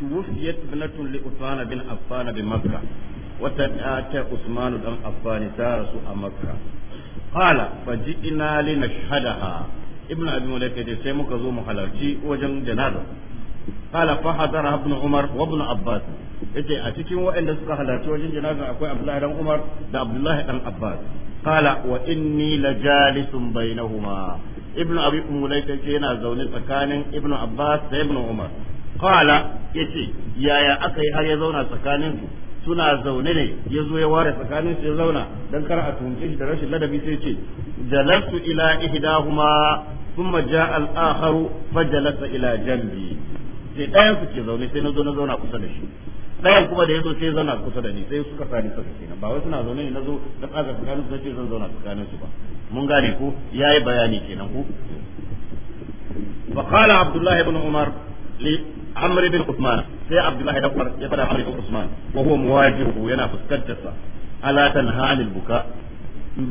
توفيت ابنة لأثمان بن عفان بمكة وتنأت عثمان بن عفان تارس مكة قال فجئنا لنشهدها ابن أبي مليكة سيمك ذو محلوتي وجن جنازة قال فحضر ابن عمر وابن عباس yace a cikin waɗanda suka halarci wajen janaza akwai Abdullahi dan Umar da Abdullahi dan Abbas qala wa inni lajalisun bainahuma ibnu abi umayl yana zaune tsakanin ibnu Abbas da ibnu Umar ya ce yaya aka yi har ya zauna tsakanin su suna zaune ne ya zo ya ware tsakanin su ya zauna don kar a tunce shi da rashin ladabi sai ce jalastu ila ihdahuma thumma jaa al-akharu fajalasa ila janbi sai ɗayan su ke zaune sai na zo na zauna kusa da shi ɗayan kuma da ya zo sai zauna kusa da ni sai suka sani suka kenan ba wai suna zaune ne na zo na tsaga tsakanin su sai zan zauna tsakanin su ba mun gane ko yayi bayani kenan ko فقال عبد الله بن عمر amr bin usman sai abdullahi da umar ya fada amr bin usman wa huwa muwajihu yana fuskantar sa ala tanha anil buka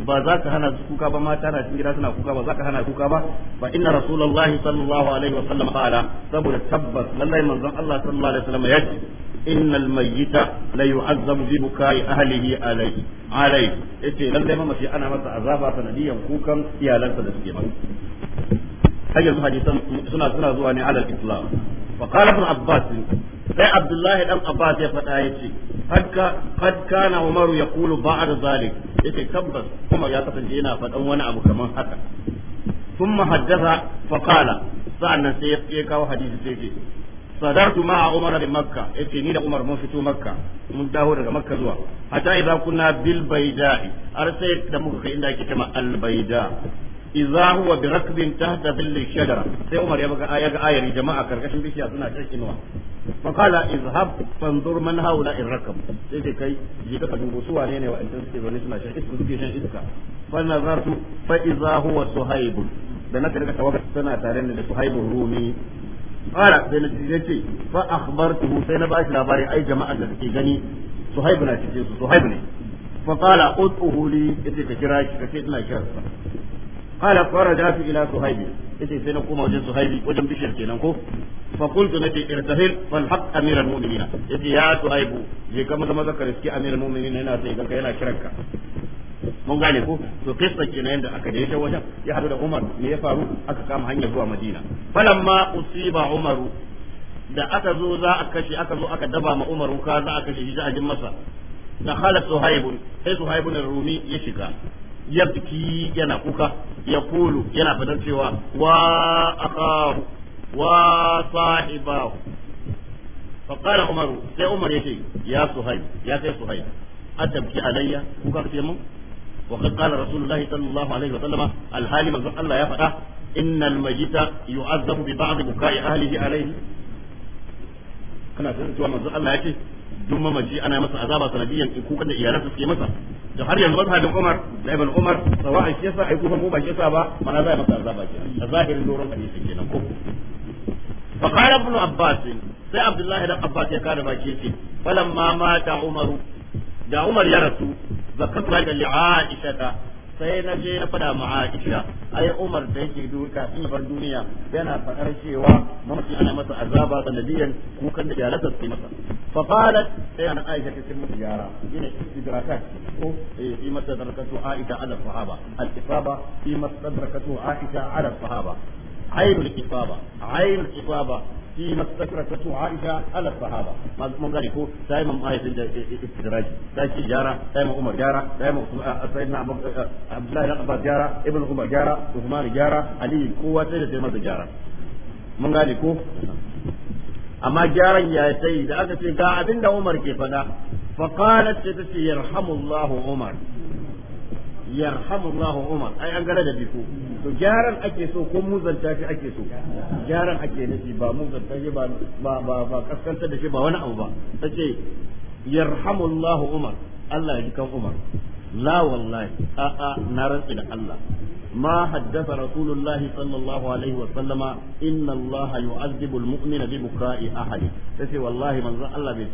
ba za ka hana su kuka ba mata na cikin gida suna kuka ba za ka hana kuka ba fa inna rasulullahi sallallahu alaihi wa sallam qala saboda tabbas lallai manzon Allah sallallahu alaihi wa sallam yace innal mayyita la yu'azzabu bi bukai ahlihi alayhi alayhi yace lallai mamaci ana masa azaba sanadiyan kukan iyalansa da suke ba har yanzu hadisan suna suna zuwa ne alal islam فقال ابن عباس sai abdullahi dan abbas ya faɗa ya ce kad kana umaru ya kulu ba'ad zalik yace tabbas kuma ya kasance yana faɗan wani abu kamar haka ثم حدث فقال سألنا سيقيك وحديث سيدي صدرت مع عمر بمكة اتني عمر من فتو مكة من داود مكة زوا حتى إذا كنا بالبيداء أرسلت دمك عندك كما البيداء idza huwa bi rakbin tahta bil shajara sai Umar ya ga ayar jama'a karkashin bishiya suna kirkinuwa fa qala izhab fanzur man haula in rakab sai kai ka dubo su wane ne wa'annan suke zaune suna shan iska suke shan iska fa nazartu fa huwa suhaib da na karka tawaga tare da suhaib rumi qala sai na ce fa sai na bashi ai jama'a da suke gani suhaib na cikin su suhaib ne fa qala ka kira shi ina قال fi ila suhaibi yace sai na koma wajen suhaibi wajen bishiyar kenan ko fa qultu nabi irtahil wal haq amiral mu'minin yace ya suhaibu je ka maza maza ka riski amiral mu'minin yana sai ganka yana kiranka mun gane ko to kissa kenan da aka je ta wajen ya hadu da Umar me ya faru aka kama hanyar zuwa Madina falamma usiba Umaru da aka zo za a kashe aka zo aka daba ma Umaru ka za a kashe shi a jin masa da khala suhaibun sai suhaibun rumi ya shiga ya fiki yana kuka ya yana fadar cewa wa akahu wa sahibahu faqala umaru sai umar yace ya suhayl ya kai suhayl atabki alayya kuka ce mun wa qad sallallahu alaihi wa sallama alhali manzo Allah ya fada innal majita yu'adhabu bi ba'd bukai ahlihi alayhi kana san cewa manzo Allah yace duk mamaci ana masa azaba sanadiyan kukan da iyalansa suke masa da har yanzu ba da Umar da Ibn Umar sawa'a shi yasa ai kuka mu ba shi yasa ba mana za masa azaba kenan a zahirin doron hadisi kenan ko fa qala ibn Abbas sai Abdullahi da Abbas ya kada baki ce falamma mata Umaru da Umar ya rasu zakatu da Aisha sai na je na fada mu Aisha ai Umar da yake duka bar duniya yana fadar cewa mamaci ana masa azaba sanadiyan kukan da yaransa su masa fa qalat sai ana Aisha ta ce mu yara ina idrakat ko eh, Aisha ala sahaba al Aisha ala sahaba ainul ainul فيما استكرته عائشة على الصحابة من قال يكون دائما ما يتجد استدراج تاكي جارة دائما عمر جارة دائما سيدنا عبد الله الأقبى جارة ابن عمر جارة عثمان جارة علي قوة سيدة جارة من قال يكون amma gyaran ya sai da aka ce ga abin da Umar ke fada fa qalat ta ce yarhamullahu Umar yarhamullahu umar ai an gara da biko to gyaran ake so ko muzanta shi ake so gyaran ake nufi ba muzanta shi ba ba ba kaskantar da shi ba wani abu ba tace yarhamullahu umar Allah ya ji kan umar la wallahi a a na rantsi da Allah ما حدث رسول الله صلى الله عليه وسلم ان الله يعذب المؤمن ببكاء احد تسي والله من ذا الله بي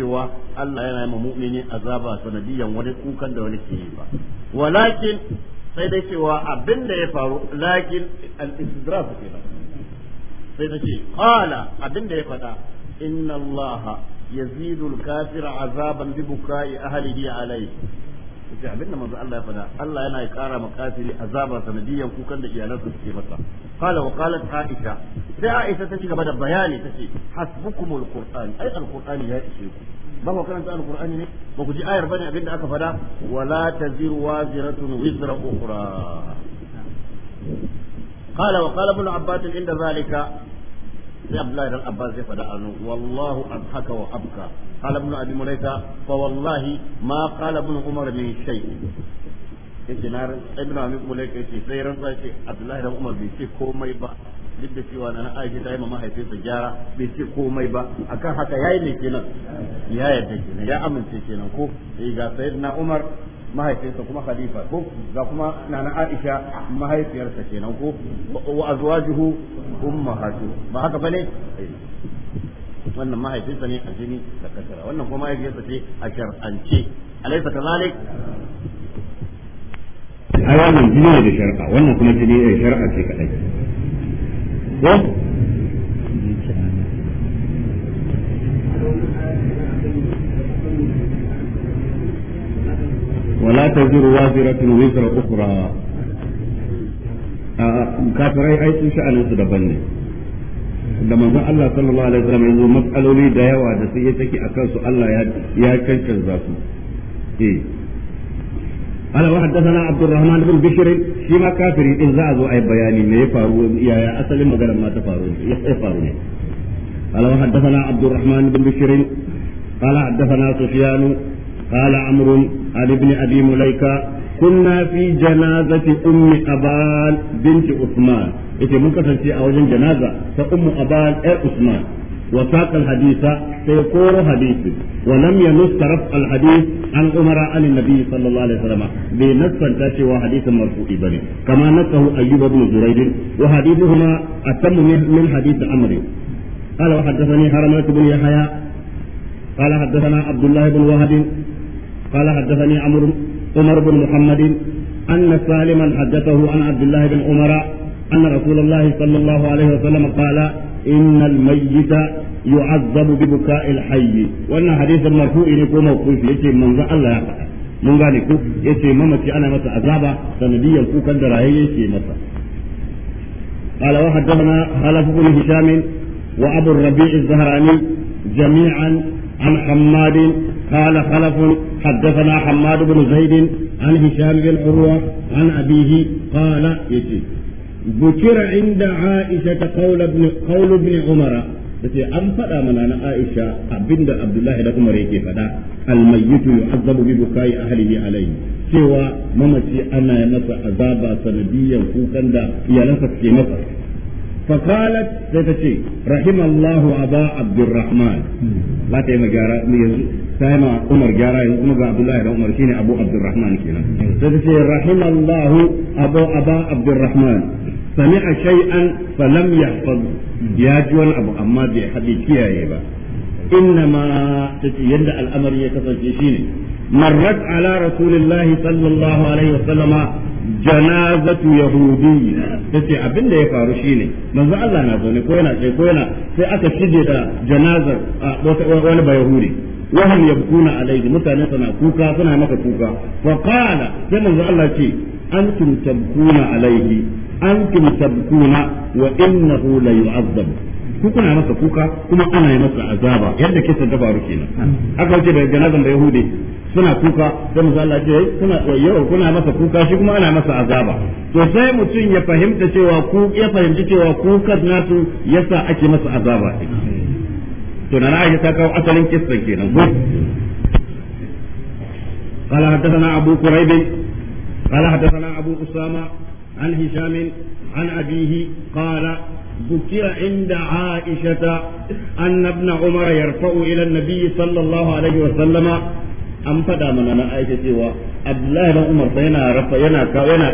cewa Allah yana yin mu'mini azaba wani kukan da wani ke ba walakin sai dai cewa abinda ya faru lakin al-istidraj ke ba sai da ce qala abinda ya fada inna Allah yazidul kafir azaban bibuka'i ahlihi alayhi kace abinda manzo Allah ya faɗa Allah yana ƙara ma kafiri azaba sanadiyan kukan da iyalansa suke masa qala wa qalat aisha sai aisha ta ci gaba da bayani tace hasbukumul qur'an ai alqur'ani ya ishe ku ba ku karanta alqur'ani ne ba ku ji ayar bane abinda aka faɗa wala taziru waziratun wizra ukhra قال وقال ابن عباس عند ذلك sai Abdullahi dan Abbas ya faɗa anu wallahu wa abka qala ibn abi mulaika fa wallahi ma qala ibn umar min shay na ibn abi mulaika yace sai ran sai Abdullahi dan Umar bai ce komai ba duk da cewa na aiki ta yi ma mahaifinsa gyara bai ce komai ba akan haka yayi ne kenan ya yarda kenan ya amince kenan ko eh ga sayyidina Umar mahaifinsa kuma khalifa ko ga kuma nana Aisha mahaifiyarsa kenan ko wa azwajuhu ummahatu ba haka bane eh wannan mahaifinsa ne a jini da kasara wannan kuma mahaifiyarsa ce a shar'ance alaysa kazalik ai wannan jini ne da shar'a wannan kuma jini ne shar'a ce kadai wala taziru waziratun wizra ukhra a kafirai ai sun sha'anin su daban ne da manzon Allah sallallahu alaihi wasallam yanzu matsaloli da yawa da sai ya take akan su Allah ya ya kankanza su عبد الرحمن بن بشر كافر أي بياني ما يا ما عبد الرحمن بن بشر قال حدثنا سفيان قال عمرو عن ابن ابي مليكه كنا في جنازه ام ابان بنت a wajen janaza ta ummu aban usman wa saqal sai koro hadisi wa lam an umara an nabi sallallahu alaihi wasallam bi nassan kama nakahu ayyub ibn zurayd wa hadithu ma atam min hadith amri قال حدثني عمرو عمر بن محمد أن سالما حدثه عن عبد الله بن عمر أن رسول الله صلى الله عليه وسلم قال إن الميت يعذب ببكاء الحي وأن حديث المرفوع يكون موقوف يتي من الله mun gane ko yace mamaci ana masa azaba sanadiyan kukan da raye yake masa قال وحدثنا خلف بن هشام وابو الربيع الزهراني جميعا عن حماد قال خلف حدثنا حماد بن زيد عن هشام بن عروة عن أبيه قال يتي ذكر عند عائشة قول ابن قول ابن عمر tace an faɗa mana na Aisha abinda Abdullahi da Umar yake faɗa almayyitu yu'azzabu bi bukai ahlihi alayhi cewa mamaci ana masa azaba sanadiyan kukan da iyalansa suke masa فقالت ستتي رحم الله أبا عبد الرحمن لا تيما جارة سيما عمر جارة عمر عبد الله عمر شيني أبو عبد الرحمن كنا ستتي رحم الله أبو أبا عبد الرحمن سمع شيئا فلم يحفظ يا جوان أبو أما دي حديث يا إيبا إنما تتيند الأمر يتفجي شيني مرت على رسول الله صلى الله عليه وسلم janazatu yahudi tace abin da ya faru shine manzo Allah na zaune ko yana kai ko yana sai aka shige da janazar wani bayahudi wa hum yabkuna alayhi mutane suna kuka suna maka kuka fa qala sai manzo Allah ce antum tabkuna alayhi antum tabkuna wa innahu la yu'azzabu ku kuna masa kuka kuma ana yi masa azaba yadda ke ta faru kenan haka wace da janazan da yahudi suna kuka sai manzo Allah ce kuna yau kuna masa kuka shi kuma ana masa azaba to sai mutum ya fahimta cewa ku ya fahimci cewa kukar nasu yasa ake masa azaba to na ra'ayi ta kawo asalin kisan kenan قال حدثنا أبو كريب قال حدثنا أبو أسامة عن هشام عن أبيه قال ذكر عند عائشة أن ابن عمر يرفع إلى النبي صلى الله عليه وسلم an faɗa mana na aisha cewa abdullahi dan umar sai yana rafa yana yana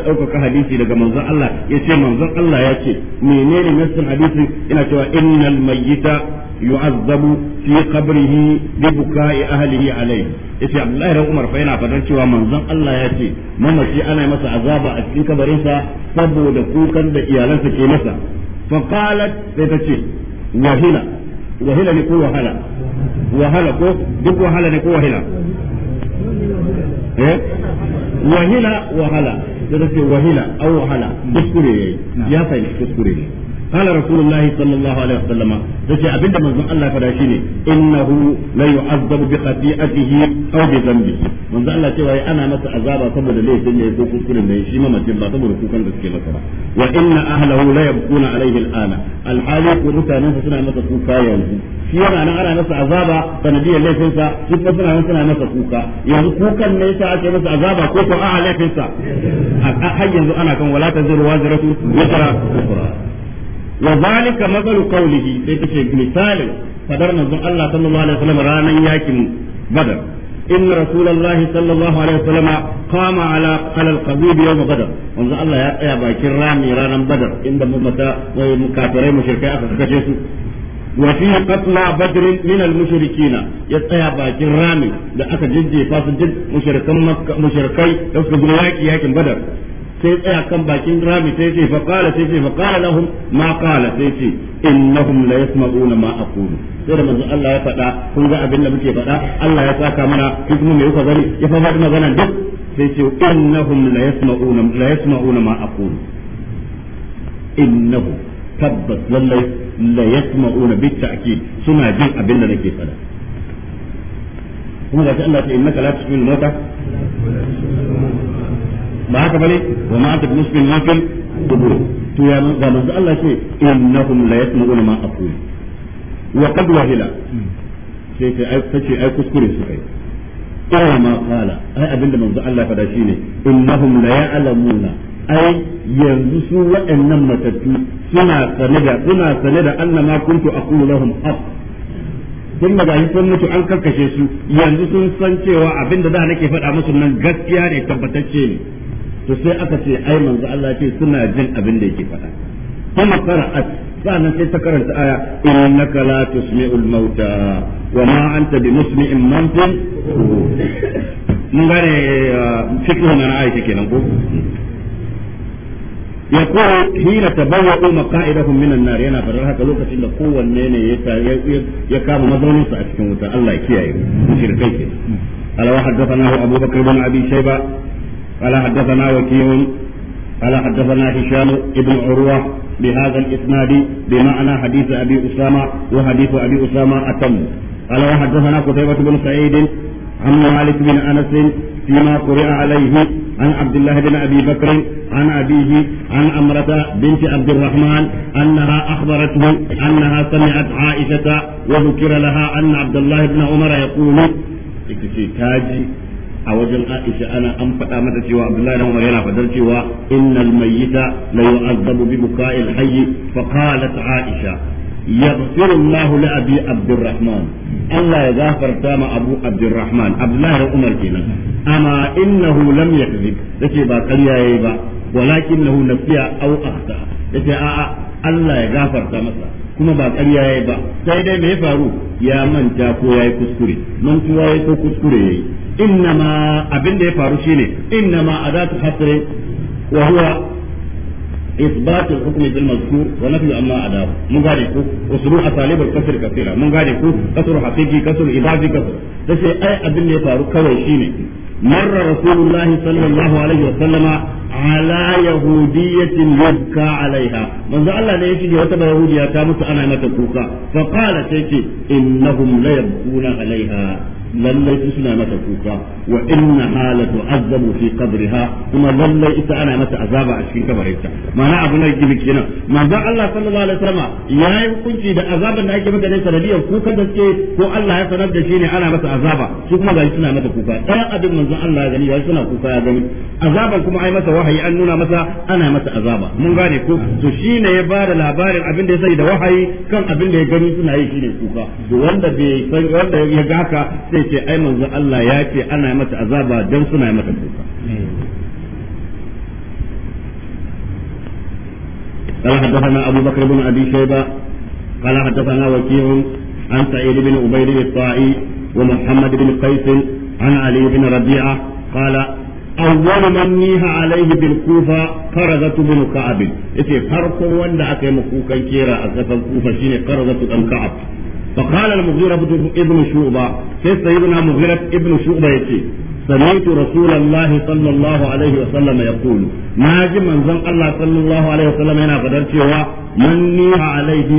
hadisi daga manzon Allah yace manzon Allah ya ce menene nassin hadisin ina cewa innal mayyita yu'azzabu fi qabrihi bi bukai ahlihi alayhi yace abdullahi dan umar yana faɗan cewa manzon Allah ya ce mamaci ana masa azaba a cikin kabarinsa saboda kukan da iyalansa ke masa fa qalat sai ta ce wahila wahila ne ko wahala wahala ko duk wahala ne ko wahala wahala kuskure ya fahimci kuskure ne قال رسول الله صلى الله عليه وسلم يجي أبدا من الله فلا شيء إنه لا يعذب بخطيئته أو بذنبه من ذا الله تقول أنا مسا عذابا صبر ليه سنة يسوك كل من يشيما ما تبا صبر سوكا بسكي مثلا وإن أهله لا يبقون عليه الآن الحالي كنتا نفس سنة مسا سوكا ينزو shi yana nan ana masa azaba sanadiyar laifinsa shi kuma suna nan suna masa kuka yanzu kukan ne yasa ake masa azaba ko ko a laifinsa har yanzu ana kan wala taziru waziratu wazira ukhra wa zalika mazalu qawlihi sai tace misali fadar manzon Allah sallallahu alaihi wasallam ranan yakin badar inna alaihi wasallam qama ya tsaya bakin rami ranan badar inda mutata aka kace su wa fi qatla badr ya tsaya bakin rami da aka jinje fasu jin mushrikan badar sai tsaya kan bakin rami sai ce fa qala sai ce fa qala lahum ma qala sai ce innahum la yasma'una ma aqulu sai da manzo Allah ya faɗa kun ga abin da muke faɗa Allah ya saka mana kuma me yuka gani ya fa faɗi magana duk sai ce innahum la yasma'una la yasma'una ma aqulu innahu tabbas lallai la yasma'una bi ta'kid suna jin abin da nake faɗa kuma ga Allah ta innaka la tusmi'ul mauta ba haka bane wa ma anta muslim ma fil dubur to ya ga manzo Allah ce innahum la yasma'una ma aqul wa qad wahila sai ta ai tace ai kuskure su kai kara ma kala ai abinda manzo Allah fada shine innahum la ya'lamuna ai yanzu su waɗannan matattu suna sane da suna sane da annama kuntu aqulu lahum haqq sun da gashi sun mutu an karkashe su yanzu sun san cewa abinda da da nake faɗa musu nan gaskiya ne tabbatacce ne to sai aka ce ai manzo Allah ce suna jin abin da yake faɗa kuma qara'at sannan sai ta karanta aya innaka la tusmi'ul mauta wa ma anta bimusmi'in man fil mun gane eh, fiqh na Aisha kenan ko يقول حين تبوأوا مقائدهم من النار yana farar haka lokacin da kowanne ne ya kama mazaunin sa a cikin wuta Allah ya kiyaye mu shirkai ke alawa haddathana Abu bin قال حدثنا وكيع قال حدثنا هشام بن عروة بهذا الإسناد بمعنى حديث أبي أسامة وحديث أبي أسامة أتم قال وحدثنا قتيبة بن سعيد عن مالك بن أنس فيما قرئ عليه عن عبد الله بن أبي بكر عن أبيه عن أمرة بنت عبد الرحمن أنها أخبرته أنها سمعت عائشة وذكر لها أن عبد الله بن عمر يقول تاجي a wajen Aisha ana an faɗa mata cewa Abdullahi Umar yana fadar cewa innal mayyita la yu'azzabu bi buka'il hayy fa qalat Aisha yaghfiru Allahu li Abi Abdurrahman Allah ya gafarta ma Abu Abdurrahman Abdullahi Umar kenan amma innahu lam yakzib yace ba karya yayi ba walakin lahu nafiya aw akhta yace a'a Allah ya gafarta masa kuma ba ƙarya ya yi ba sai dai mai faru ya manta ko ya yi kuskure mantuwa ya yi ko kuskure ya yi inna ma abin da ya faru shine ne inna ma a za su hasire wa huwa isbatu hukumi bil mazkur wa nafi amma ada mun gane ko usulu asali bil kasr kasira mun gane ko kasru haqiqi kasru ibadi kasru sai ai abin da ya faru kawai shine. مر رسول الله صلى الله عليه وسلم على يهودية يبكى عليها من ذا الله ليش وتبع يهودية كامت أنا متكوكا فقال تيتي إنهم ليبكون عليها lallai su suna mata kuka wa inna halatu azamu fi qabriha kuma lallai ita ana mata azaba a cikin kabarinta ma'ana abu ne gidi kenan manzon Allah sallallahu alaihi wasallam ya yi hukunci da azaban da ake mata ne sanadiyar kuka da ke ko Allah ya sanar da shi ne ana mata azaba su kuma ga suna mata kuka ɗaya abin manzon Allah ya gani ya suna kuka ya gani azaban kuma ai masa wahayi an nuna masa ana mata azaba mun gane ko to shine ya bada labarin abin da ya sayi da wahayi kan abin da ya gani suna yi shine kuka wanda bai san wanda ya gaka sai ce ai manzo Allah ya ce ana mata azaba dan suna mata kuka قال حدثنا أبو بكر بن أبي شيبة قال حدثنا وكيع عن سعيد بن عبيد الطائي ومحمد بن قيس عن علي بن ربيعة قال أول من نيها عليه بالكوفة قرزة بن كعب إذا فرق وند أكيم كوكا كيرا أكثر كوفة شيني قرزة بن كعب فقال المغيرة ابن شعبة كيف سيدنا مغيرة ابن شعبة يتي سمعت رسول الله صلى الله عليه وسلم يقول ما جي من زن الله صلى الله عليه وسلم هنا فدر cewa من نيها عليه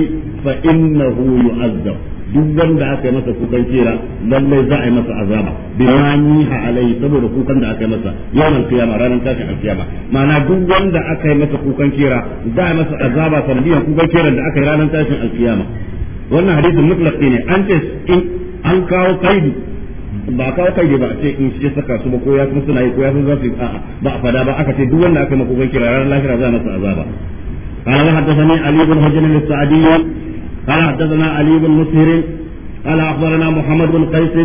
فإنه يعذب duk wanda aka yi masa kukan kera lallai za a yi masa azaba bi ma niha alai saboda kukan da aka yi masa yawan kiyama ranar tashin alkiyama ma'ana duk wanda aka yi masa kukan kera za a yi masa azaba sanadiyar kukan kera da aka yi ranar tashin alkiyama wannan hadisin mutlaq ne an ce in an kawo kaidu ba kawo kaidu ba ce in shi saka su ba ko ya san suna yi ko ya san za su ba a fada ba aka ce duk wanda aka mako gunki ranar lahira za masa azaba قال حدثني علي بن حجر السعدي قال حدثنا علي بن مسهر قال اخبرنا محمد بن قيس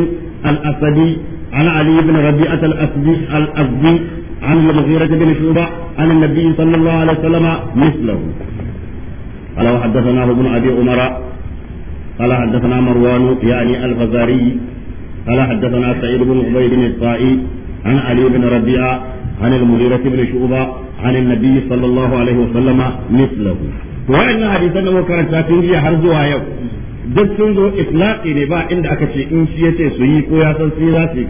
الاسدي عن علي بن ربيعه الاسدي الاسدي عن المغيرة بن شعبة عن النبي صلى الله عليه وسلم مثله قال وحدثناه ابن ابي عمر قال حدثنا مروان يعني الفزاري قال حدثنا سعيد بن عبيد الطائي عن علي بن ربيعة عن المغيرة بن شعبة عن النبي صلى الله عليه وسلم مثله وإن حديثنا وكانت تاتي har zuwa yau duk sun zo itlaqi ne ba inda aka ce in shi yace su yi ko ya san sai za su yi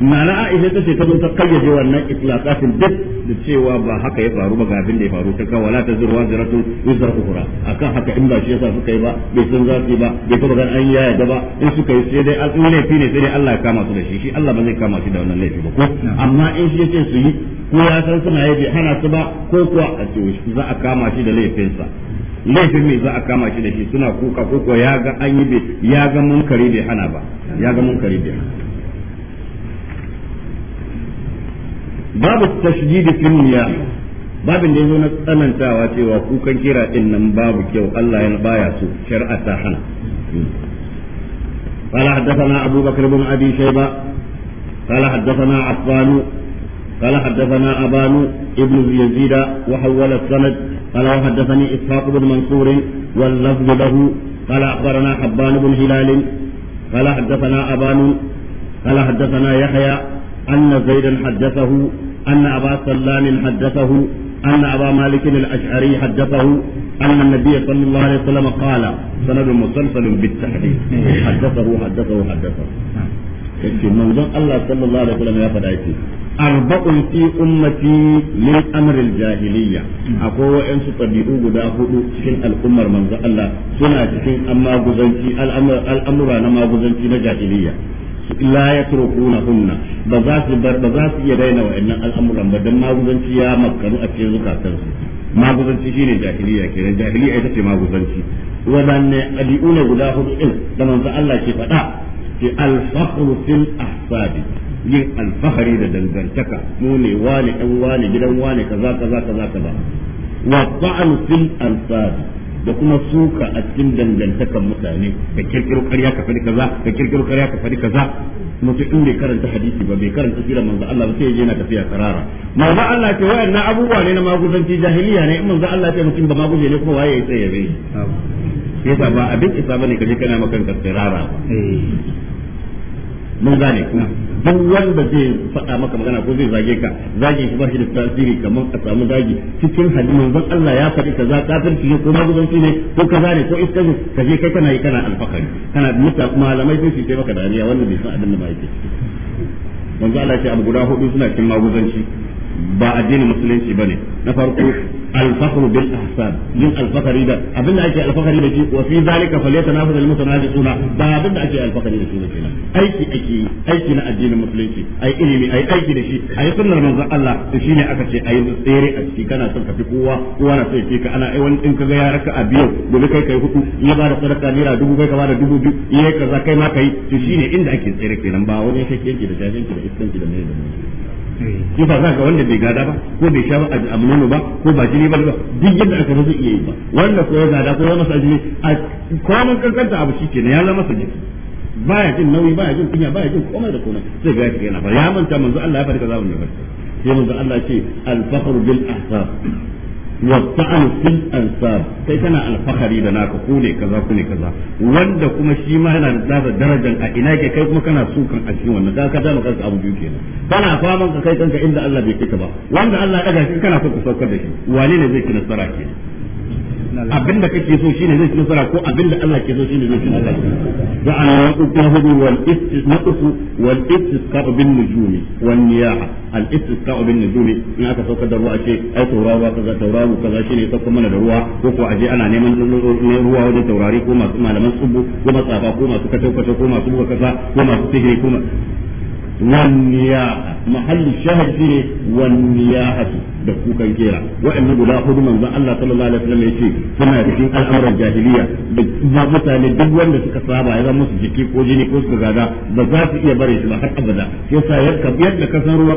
na na Aisha ta ce ta zo ta kayyaje wannan itlaqatin duk da cewa ba haka ya faru ba ga abin da ya faru ta kawo la tazuru wa zaratu yuzra ukhra akan haka in ba shi yasa suka yi ba bai san za su ba bai kuma ga an yaya da ba in suka yi sai dai an laifi ne sai dai Allah ya kama su da shi shi Allah ba zai kama shi da wannan laifi ba ko amma in shi yace su yi ko ya san suna yi hana su ba ko kuwa a ce za a kama shi da sa laifin me za a kama shi da shi suna kuka ko ya ga an yi ya ga munkari bai hana ba ya ga munkari bai hana babu tashdidi fi babin da yazo na tsanantawa cewa kukan kira din nan babu kyau Allah yana baya su shar'a ta hana قال حدثنا أبو بكر بن أبي شيبة قال حدثنا عفان قال حدثنا أبان ابن يزيد وحول السند قال وحدثني إسحاق بن منصور واللفظ له قال أخبرنا حبان بن هلال قال حدثنا أبان قال حدثنا يحيى أن زيدا حدثه أن أبا سلام حدثه أن أبا مالك الأشعري حدثه أن النبي صلى الله عليه وسلم قال سند مسلسل بالتحديد حدثه حدثه حدثه yake manzon Allah sallallahu alaihi wasallam ya faɗa yake arba'un fi ummati min amril jahiliyya akwai wa'ansu tabi'u guda hudu cikin al'ummar manzon Allah suna cikin al'amura na maguzanci na jahiliyya la yatrukuna ba za su bar ba za su iya daina wa'annan al'amuran ba dan maguzanci ya makaru a cikin zukatansu maguzanci shine jahiliya kenan jahiliya ita ce maguzanci wadanne ɗabi'u guda hudu din da manzo Allah ke faɗa ke al-fakhru fil ahsabi yin alfahari da dangantaka mu ne wani ɗan wani gidan wani kaza kaza kaza kaza wa ta'al fil ansab da kuma suka a cikin dangantakan mutane ka kirkiro ƙarya ka faɗi kaza ka kirkiro ƙarya ka faɗi kaza mutum in bai karanta hadisi ba bai karanta sirar manzo Allah ba sai ya je na tafiya karara manzo Allah ce na abubuwa ne na maguzanci jahiliya ne in manzo Allah ce mutum ba maguje ne kuma waye ya tsaye bai yasa ba abin isa bane kaje kana makan karara ba eh. mun gane kuma duk wanda zai faɗa maka magana ko zai zage ka zage shi ba shi da tasiri kamar a samu zagi cikin hadin manzon Allah ya faɗi ka za ka kafirci ne ko shi ne ko ka ne ko iska ne ka je kai kana yi kana alfakari kana muta malamai sun shi maka dariya wannan bai san abin da ba yake manzo Allah ya ce abu guda hudu suna cikin maguzanci ba addinin musulunci bane na farko al bil ahsan yin al-fakhri da abinda ake al da shi wa fi zalika falyatanafasu al-mutanafisuna ba abinda ake al-fakhri da shi ne aiki ake aiki na addinin musulunci ai ilimi ai aiki da shi ai sunnar manzon Allah to shine aka ce ai tsere a ciki kana son ka fi kowa kowa na son ka ana ai wani in kaga ya raka a biyu gobe kai kai hudu ya ba da sadaka naira dubu kai ka ba da dubu biyu ya kaza kai ma kai to shine inda ake tsere kenan ba wani kake da jahilci da iskanci da mai da mai ko ba za ka wanda bai gada ba ko bai sha ba a mununu ba ko ba jini ba ba duk yadda aka zo iya yi ba wanda ko ya gada ko ya masa jini a kwanan kankanta abu shi kenan ya zama masa jini baya jin nauyi baya jin kunya baya jin komai da komai sai ga yana ba ya manta manzo Allah ya farka zamu ne ba sai manzo Allah ce al-fakhru bil ahsab والطعن في الأنساب كي كان الفخري دناك قولي كذا قولي كذا وند كما شي ما هنا نتلاقى درجة أئناك كي كما كان سوكا أشيو وندا كذا لقد أبو جوكي كان أفاما كي كانت عند الله بيكتبا وند الله أجل كان سوكا سوكا دشي والين زي كنا سراكي abinda kake so shine zai ci nasara ko abinda Allah ke so shine zai ci nasara da an na hudu wal istisqa wal istisqa bin nujumi wan niyaha al istisqa bin nujumi in aka saukar da ruwa ce ai taurawa kaza taurawa kaza shine saukar mana da ruwa ko ko aje ana neman ruwa wajen taurari ko masu malaman tsubu ko matsafa ko masu kato kato ko masu buga kasa ko masu sihiri ko والنياحة محل الشاهد فيه والنياحة da kukan kera waɗannan guda hudu manzo Allah sallallahu alaihi wasallam suna cikin al'amuran jahiliya da mutane duk wanda suka saba ya zama jiki ko jini ko su gada iya bare ba har abada yasa yadda yadda ka san ruwa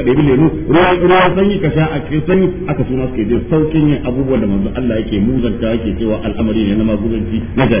lemu ruwa ruwa sanyi ka sha aka suna suke jin saukin yin abubuwan da Allah yake muzanta cewa al'amari ne na na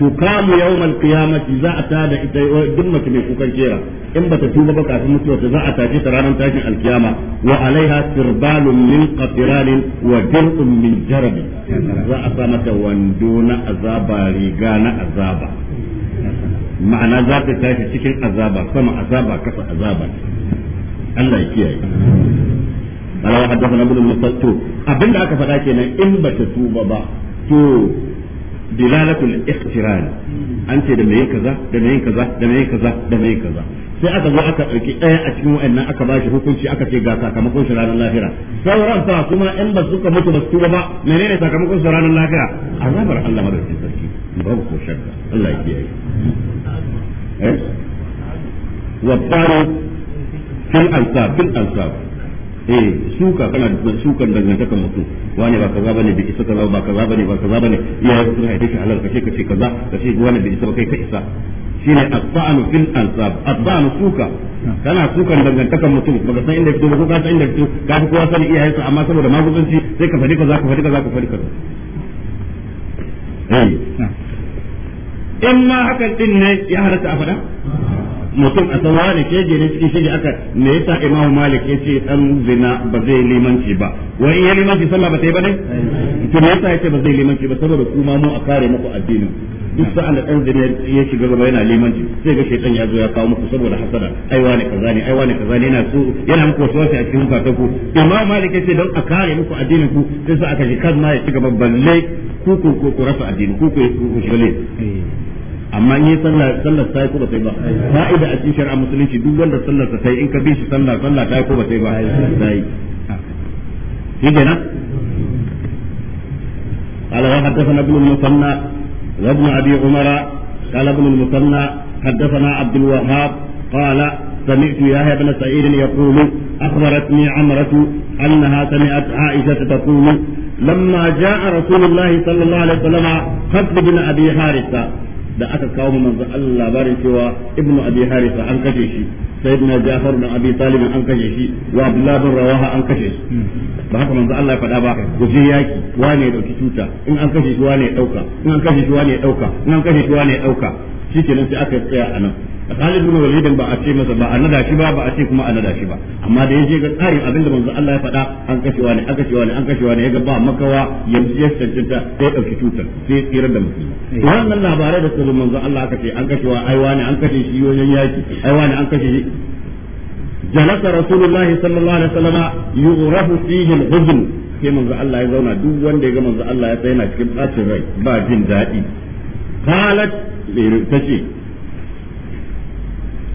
tukamu yawmal qiyamati za a tada ita duk mace mai kukan kera in bata tuba ba kafin mutuwa ta za a ta ranar tashin alkiyama wa alaiha sirbalun min qatiranin wa min jarabi za a sa mata wando na azaba riga na azaba ma'ana za ta tashi cikin azaba sama azaba kasa azaba Allah ya kiyaye abinda aka faɗa kenan in bata tuba ba to dilalatul ikhtiran an ce da mai kaza da mai kaza da mai kaza da mai kaza sai aka zo aka ɗauki ɗaya a cikin wa'annan aka ba shi hukunci aka ce ga sakamakon shi ranar lahira sauran sa kuma in ba suka mutu ba su tuba ba menene sakamakon shi ranar lahira azabar Allah madaukakin sarki babu ko shakka Allah ya kiyaye eh wa fil ansab fil ansab eh shuka kana da shukan dangantaka mutum wani ba kaza bane bai isa kaza ba kaza bane ba kaza bane ya sun haife shi halal kace kace kaza kace wani bai isa ba kai ka isa shine asba'anu fil ansab asba'anu suka kana sukan dangantakan mutum baka san inda fito ba ko ka san inda fito ka fi kowa sani iyayen sa amma saboda magudanci sai ka fadi kaza ka fadi kaza ka fadi kaza eh. in ma hakan din ne ya halatta a fada mutum a san ne ke jere cikin shi ne aka ya yasa imamu malik ya ce dan zina ba zai limanci ba wai in ya limanci sallah ba ta yi ba ne to ne ya ce ba zai limanci ba saboda kuma mu a kare muku addini duk sa'an da dan zina ya shiga gaba yana limanci sai ga shaytan ya zo ya kawo muku saboda hasada ai wane kaza ne ai wani kaza ne yana so yana muku wasu wasu a cikin fatan ku imamu malik ya ce don a kare muku addinin ku sai sa aka ji kan ma ya ci gaba balle ku ku ku rasa addini ku ku ku shigale amma in yi sallah sallar ta ko ba sai ba fa'ida a cikin shari'a musulunci duk wanda sallar ta sai in ka bi shi sallah sallah sai ko ba sai ba sai shi kenan قال وحدثنا ابن المثنى وابن ابي عمر قال ابن المثنى حدثنا عبد الوهاب قال سمعت يحيى بن سعيد يقول اخبرتني انها سمعت تقول لما جاء رسول الله صلى الله عليه وسلم قتل بن ابي da aka kawo manzo Allah labarin cewa ibnu abi harisa an kashe shi sayyidina jafar bin abi talib an kashe shi wa abdullah bin rawaha an kashe shi ba haka manzo Allah ya faɗa ba ku je yaki wane ya dauki tuta in an kashe shi wane ya dauka in an kashe shi wane ya dauka in an kashe shi wane ya dauka shikenan sai aka tsaya a nan Khalid bin Walid ba a ce masa ba a nada shi ba ba a ce kuma a nada shi ba amma da yake ga tsarin abin da manzo Allah ya faɗa an kashewa ne an kashewa ne an kashewa ne ya ga ba makawa ya cancanta sai ya dauki tutar sai tsira da musulmi wannan labarai da sirrin manzo Allah aka ce an kashewa ai wani an kashe shi yoyon yaki ai wani an kashe shi جلس رسول sallallahu alaihi wasallam yughrafu fihi al فيه الحزن sai manzo Allah ya zauna duk wanda ya ga manzo Allah ya tsaya cikin bacin rai ba jin daɗi qalat tace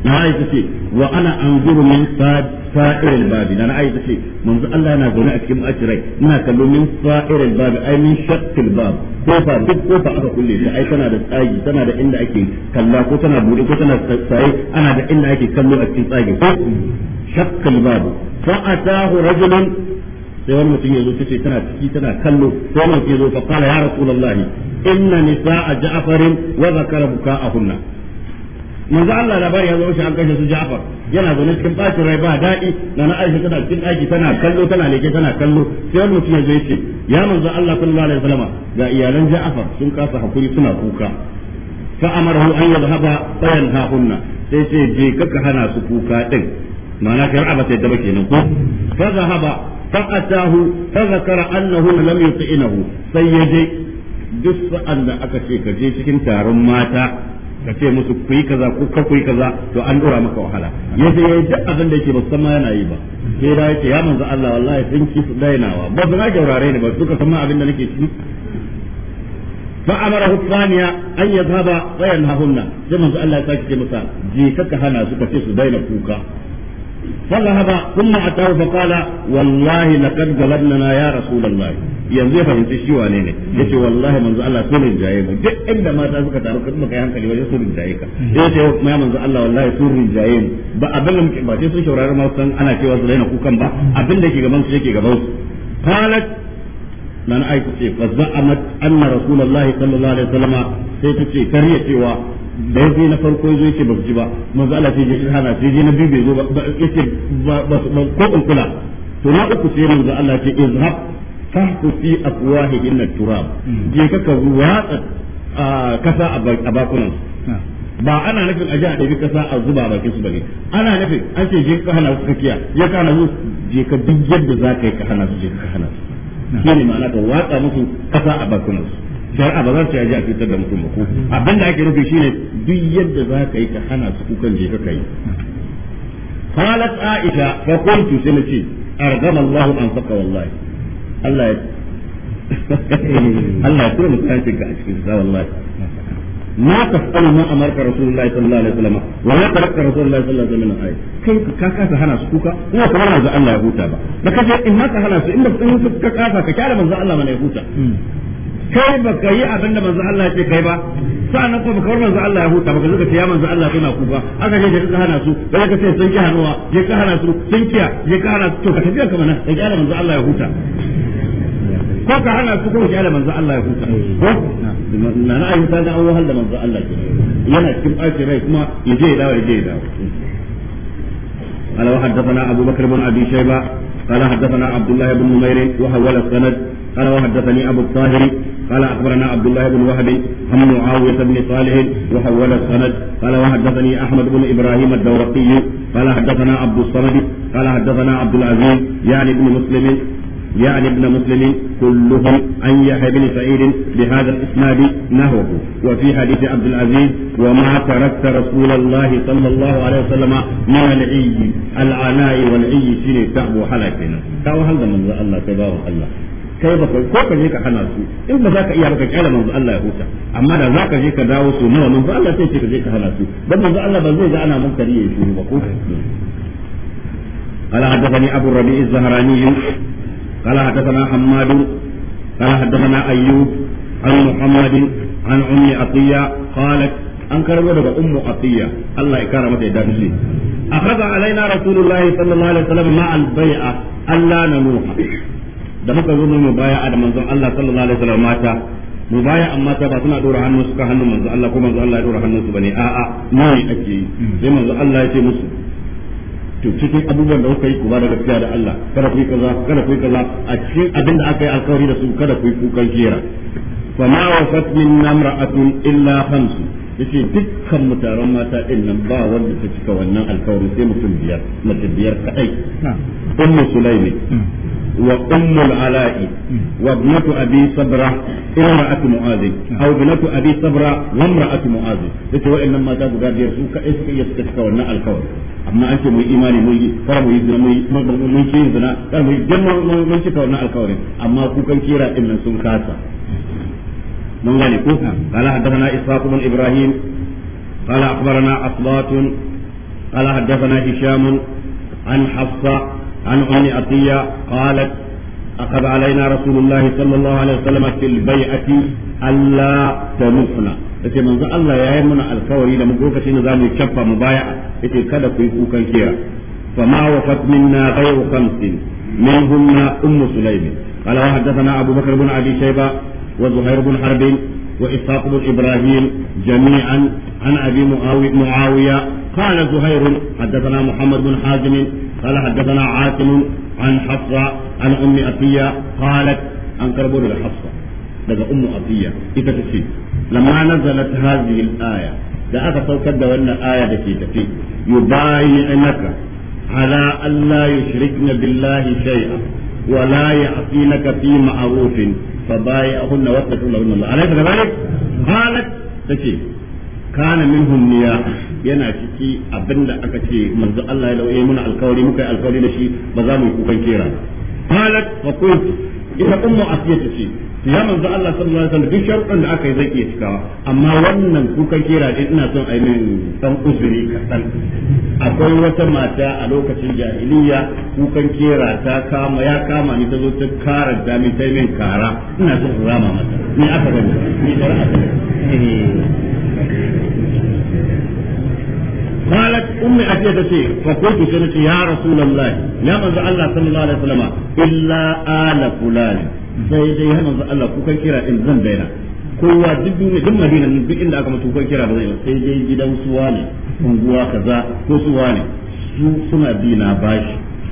na aisha ce wa ana anzuru min sa'iril babi na aisha ce manzo Allah yana zaune a cikin ma'ashirai ina kallo min sa'iril babi ai min shaqqil bab kofa duk kofa aka kulle ta ai tana da tsagi tana da inda ake kalla ko tana bude ko tana tsaye ana da inda ake kallo a cikin tsagi ko shaqqil babu. fa atahu rajulun sai wani mutum ya zo ta ce tana ciki tana kallo sai wani mutum ya zo fa qala ya rasulullahi inna nisaa ja'farin wa zakara buka'ahunna manzo Allah labari ya zo shi an kashe su Ja'far yana zaune cikin bacin rai ba daɗi na na Aisha tana cikin ɗaki tana kallo tana leke tana kallo sai wani mutum ya zo yace ya manzo Allah sallallahu alaihi wasallam ga iyalan Ja'far sun kasa hakuri suna kuka fa amarahu an yadhhaba bayan yanhahunna sai ce je kaka hana su kuka din ma'ana kai ba sai ba kenan ko fa zahaba fa atahu fa zakara annahu lam yuti'inahu sai yaje duk sa'an da aka ce ka je cikin taron mata ka ce musu ku yi kaza ko ka ku yi kaza to an dora maka wahala yaje yayi duk abin da yake ba san ma yana yi ba sai da yake ya manzo Allah wallahi sun ki su dainawa ba za ka wurare ne ba suka san ma abin da nake ciki فأمره الثانية أن يذهب ce masa قال ka hana su ka ce su daina kuka. فذهب ثم أتاه فقال والله لقد غلبنا يا رسول الله yanzu ya fahimci shi wane ne yace wallahi manzo Allah sunin jaye mu duk inda mata suka taru ka kuma kai hankali wajen sunin jaye ka yace ya manzo Allah wallahi sunin jaye mu ba abin da muke ba sai sun shaurari ma san ana cewa su daina kukan ba abin da yake gaban su yake gaban su qalat nan ai ku ce fa za'amat anna rasulullahi sallallahu alaihi wasallam sai ta ce kariya cewa da ya je na farko zo yake ba ku ba manzo Allah sai je hana sai je na biyu bai zo ba yake ba ko in to na uku sai manzo Allah ce izhab fahku fi afwahihin turab je ka ka a kasa a bakunan ba ana nufin a ji a ɗabi kasa a zuba bakin su bane ana nufin an ce je ka hana su kakiya ya ka hana su je ka duk yadda za ka yi ka hana su je ka hana su shi ne ma'ana ka watsa musu kasa a bakunan su shari'a ba za su yaji a fitar da mutum ko abin da ake nufi shine duk yadda za ka yi ka hana su kukan je ka kai falat aisha fa kuntu sai nace argama allah an saka wallahi allah ya allah ya kula mu cikin sa wallahi na tafsiru mu amarka rasulullahi sallallahu alaihi wasallam wa ya tarakka rasulullahi sallallahu alaihi wasallam kai ka kasa hana su kuka ko ka hana su allah ya huta ba da kaje in ka hana su inda sun ka kasa ka kyara manzo allah ya huta kai ba ka yi abin da manzo Allah ce kai ba sa'annan kuma kamar manzo Allah ya huta baka zuka ce ya manzo Allah suna kuka aka je ka hana su da ka ce sun ki hanuwa je ka hana su sun kiya je ka hana su to ka tafi kamar nan da kyala manzo Allah ya huta ko ka hana su ko kyala manzo Allah ya huta ko na na ayyuka da an wahal manzo Allah ke yana cikin ɓaci rai kuma ya je ya dawo ya je ya dawo قال وحدثنا أبو بكر بن أبي شيبة قال حدثنا عبد الله بن نمير وحول السند قال وحدثني أبو الطاهر قال أخبرنا عبد الله بن وهب عن معاوية بن صالح وحول السند قال وحدثني أحمد بن إبراهيم الدورقي قال حدثنا عبد الصمد قال حدثنا عبد العزيز يعني بن مسلم يعني ابن مسلم كلهم عن يحيى بن سعيد بهذا الاسناد نهوه وفي حديث عبد العزيز وما تركت رسول الله صلى الله عليه وسلم من العي العناء والعي شنو تعب حلكنا تعب هذا من الله كبار الله kai ba ko ka je ka hana su in ba za ka iya ba ka kyala manzo Allah ya huta amma da za ka je ka dawo su nawa manzo Allah sai ce ka je ka hana su dan manzo Allah ba zai ga ana munkari ya shi ba ko قال حدثني أبو الربيع الزهراني قال حدثنا حماد قال حدثنا أيوب عن محمد عن أم عطية قالت أنكر ولد أم عطية الله يكرمك يا أخذ علينا رسول الله صلى الله عليه وسلم مع البيعة ألا da muka zo mu baya a da manzon Allah sallallahu alaihi wasallam mata mu baya amma ta ba suna dora hannu suka hannu manzon Allah ko manzon Allah ya dora hannun su bane a'a mai ake yi sai manzon Allah ya ce musu to cikin abubuwan da kuka yi ku ba da gaskiya da Allah kada ku yi kaza kada ku yi kaza a cikin abin da aka yi alkawari da su kada ku yi kukan jera fa ma wasat min namra'atun illa khamsu yace dukkan mutaran mata din nan ba wanda ta cika wannan alkawarin sai mutum biyar mace biyar kadai ummu sulaimi hmm. wa ummu ala'i wa ibnatu abi sabra imra'atu mu'adh hmm. aw ibnatu abi sabra wa imra'atu mu'adh yace wa'annan mata guda biyar su kadai suka iya suka cika wannan alkawarin amma an ce mu imani mu yi kar mu yi zina mu yi mun ce zina kar mu yi mun cika wannan alkawarin amma kukan kira din nan sun kasa من ذلك قال حدثنا إسحاق بن إبراهيم قال أخبرنا أصبات قال حدثنا هشام عن حفصة عن أم قالت أخذ علينا رسول الله صلى الله عليه وسلم في البيعة ألا manzo Allah ya yi mana alkawari da mu lokaci da zamu kyaffa mu baya yace kada ku yi kukan kira fama wafat minna ghayru khamsin minhunna ummu sulaym qala wa abu bakr ibn abi shayba وزهير بن حرب وإسحاق بن إبراهيم جميعا عن أبي معاوية قال زهير حدثنا محمد بن حازم قال حدثنا عاصم عن حفصة عن أم أطية قالت أن تربوا لحفصة لدى أم أطية إذا تسي لما نزلت هذه الآية da aka saukar da wannan aya da ke tafi yubayyinaka ala alla yushrikna billahi ولا يعصينك في معروف فبايعهن واتقوا الله أليس كذلك؟ قالت تشي kana minhum niya yana ciki abinda aka ce manzo Allah ya lauye muna alkawari muka yi alkawari da shi ba za mu yi kukan kera qalat fa ita ummu asiya ta ce ya manzo Allah sallallahu alaihi wasallam duk sharuɗan da aka yi zai iya cikawa amma wannan kukan kira din ina son ai min dan uzuri kaɗan akwai wata mata a lokacin jahiliya kukan kira ta kama ya kama ni ta zo ta kara da mi ta min kara ina son rama mata ni aka gani ni aka gani eh. قالت أم أتية تسير فقلت سنتي يا رسول الله يا من الله صلى الله عليه وسلم إلا آل فلان زي زي هم الله كوكا كيرا إن زنبينا kowa duk duniya duk madina duk inda aka mutu kai kira ba zai sai dai gidan suwa ne unguwa kaza ko suwa ne su suna biyu na bashi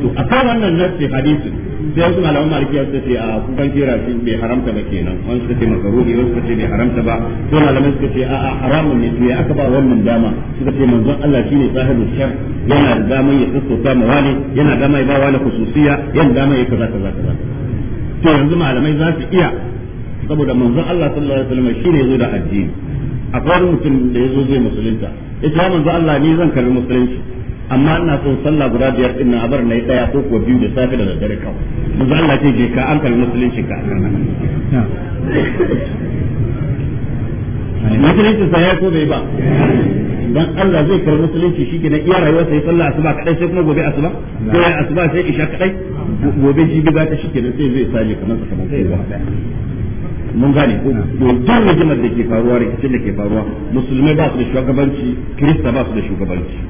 to a kan wannan nasi hadisin sai wasu malaman malikiya suka ce a kukan kira shi bai haramta ba kenan wani suka ce makaruni wani suka ce bai haramta ba sai malaman suka ce a a haramun ne to ya aka ba wannan dama suka ce manzon Allah shine sahibu shar yana da dama ya tsotsa ma wani yana da dama ya ba wani khususiya yana da dama ya kaza kaza kaza to yanzu malamai za su iya saboda manzon Allah sallallahu alaihi wasallam shine yazo da addini akwai mutum da yazo zai musulunta yace manzon Allah ni zan karbi musulunci amma ina son sallah guda biyar din na bar nayi daya ko kuwa biyu da safe da daddare kawai manzo Allah ce je ka an kalli musulunci ka musulunci sa ya ko bai ba dan Allah zai karbi musulunci shi ke na iya rayuwa sai sallah asuba kadai sai kuma gobe asuba ko ya asuba sai isha kadai gobe jibi ba ta shi ke sai zai saje kamar sa kamar sai mun gane ko don rigimar da ke faruwa rikicin da ke faruwa musulmai ba su da shugabanci kirista ba su da shugabanci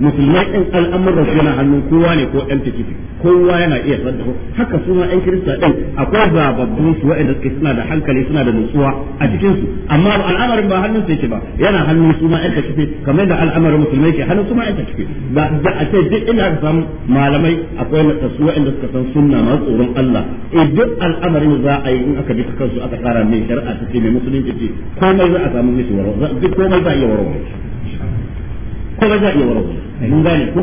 musulmai din al'amuran su yana hannun kowa ne ko ɗan tikiti kowa yana iya sarrafa haka su ma ɗan kirista ɗin akwai zababbun su waɗanda suke suna da hankali suna da nutsuwa a cikin su amma al'amarin ba hannun su yake ba yana hannun su ma ɗan tikiti kamar da al'amarin musulmai ke hannun su ma ɗan tikiti ba da a ce duk inda aka samu malamai akwai na su waɗanda suka san sunna ma tsoron Allah eh duk al'amarin za a yi in aka bi kansu aka tsara mai shari'a take mai musulunci ce komai za a samu mishi warwa duk komai za a iya warwa kaga za iya warware mun gane ko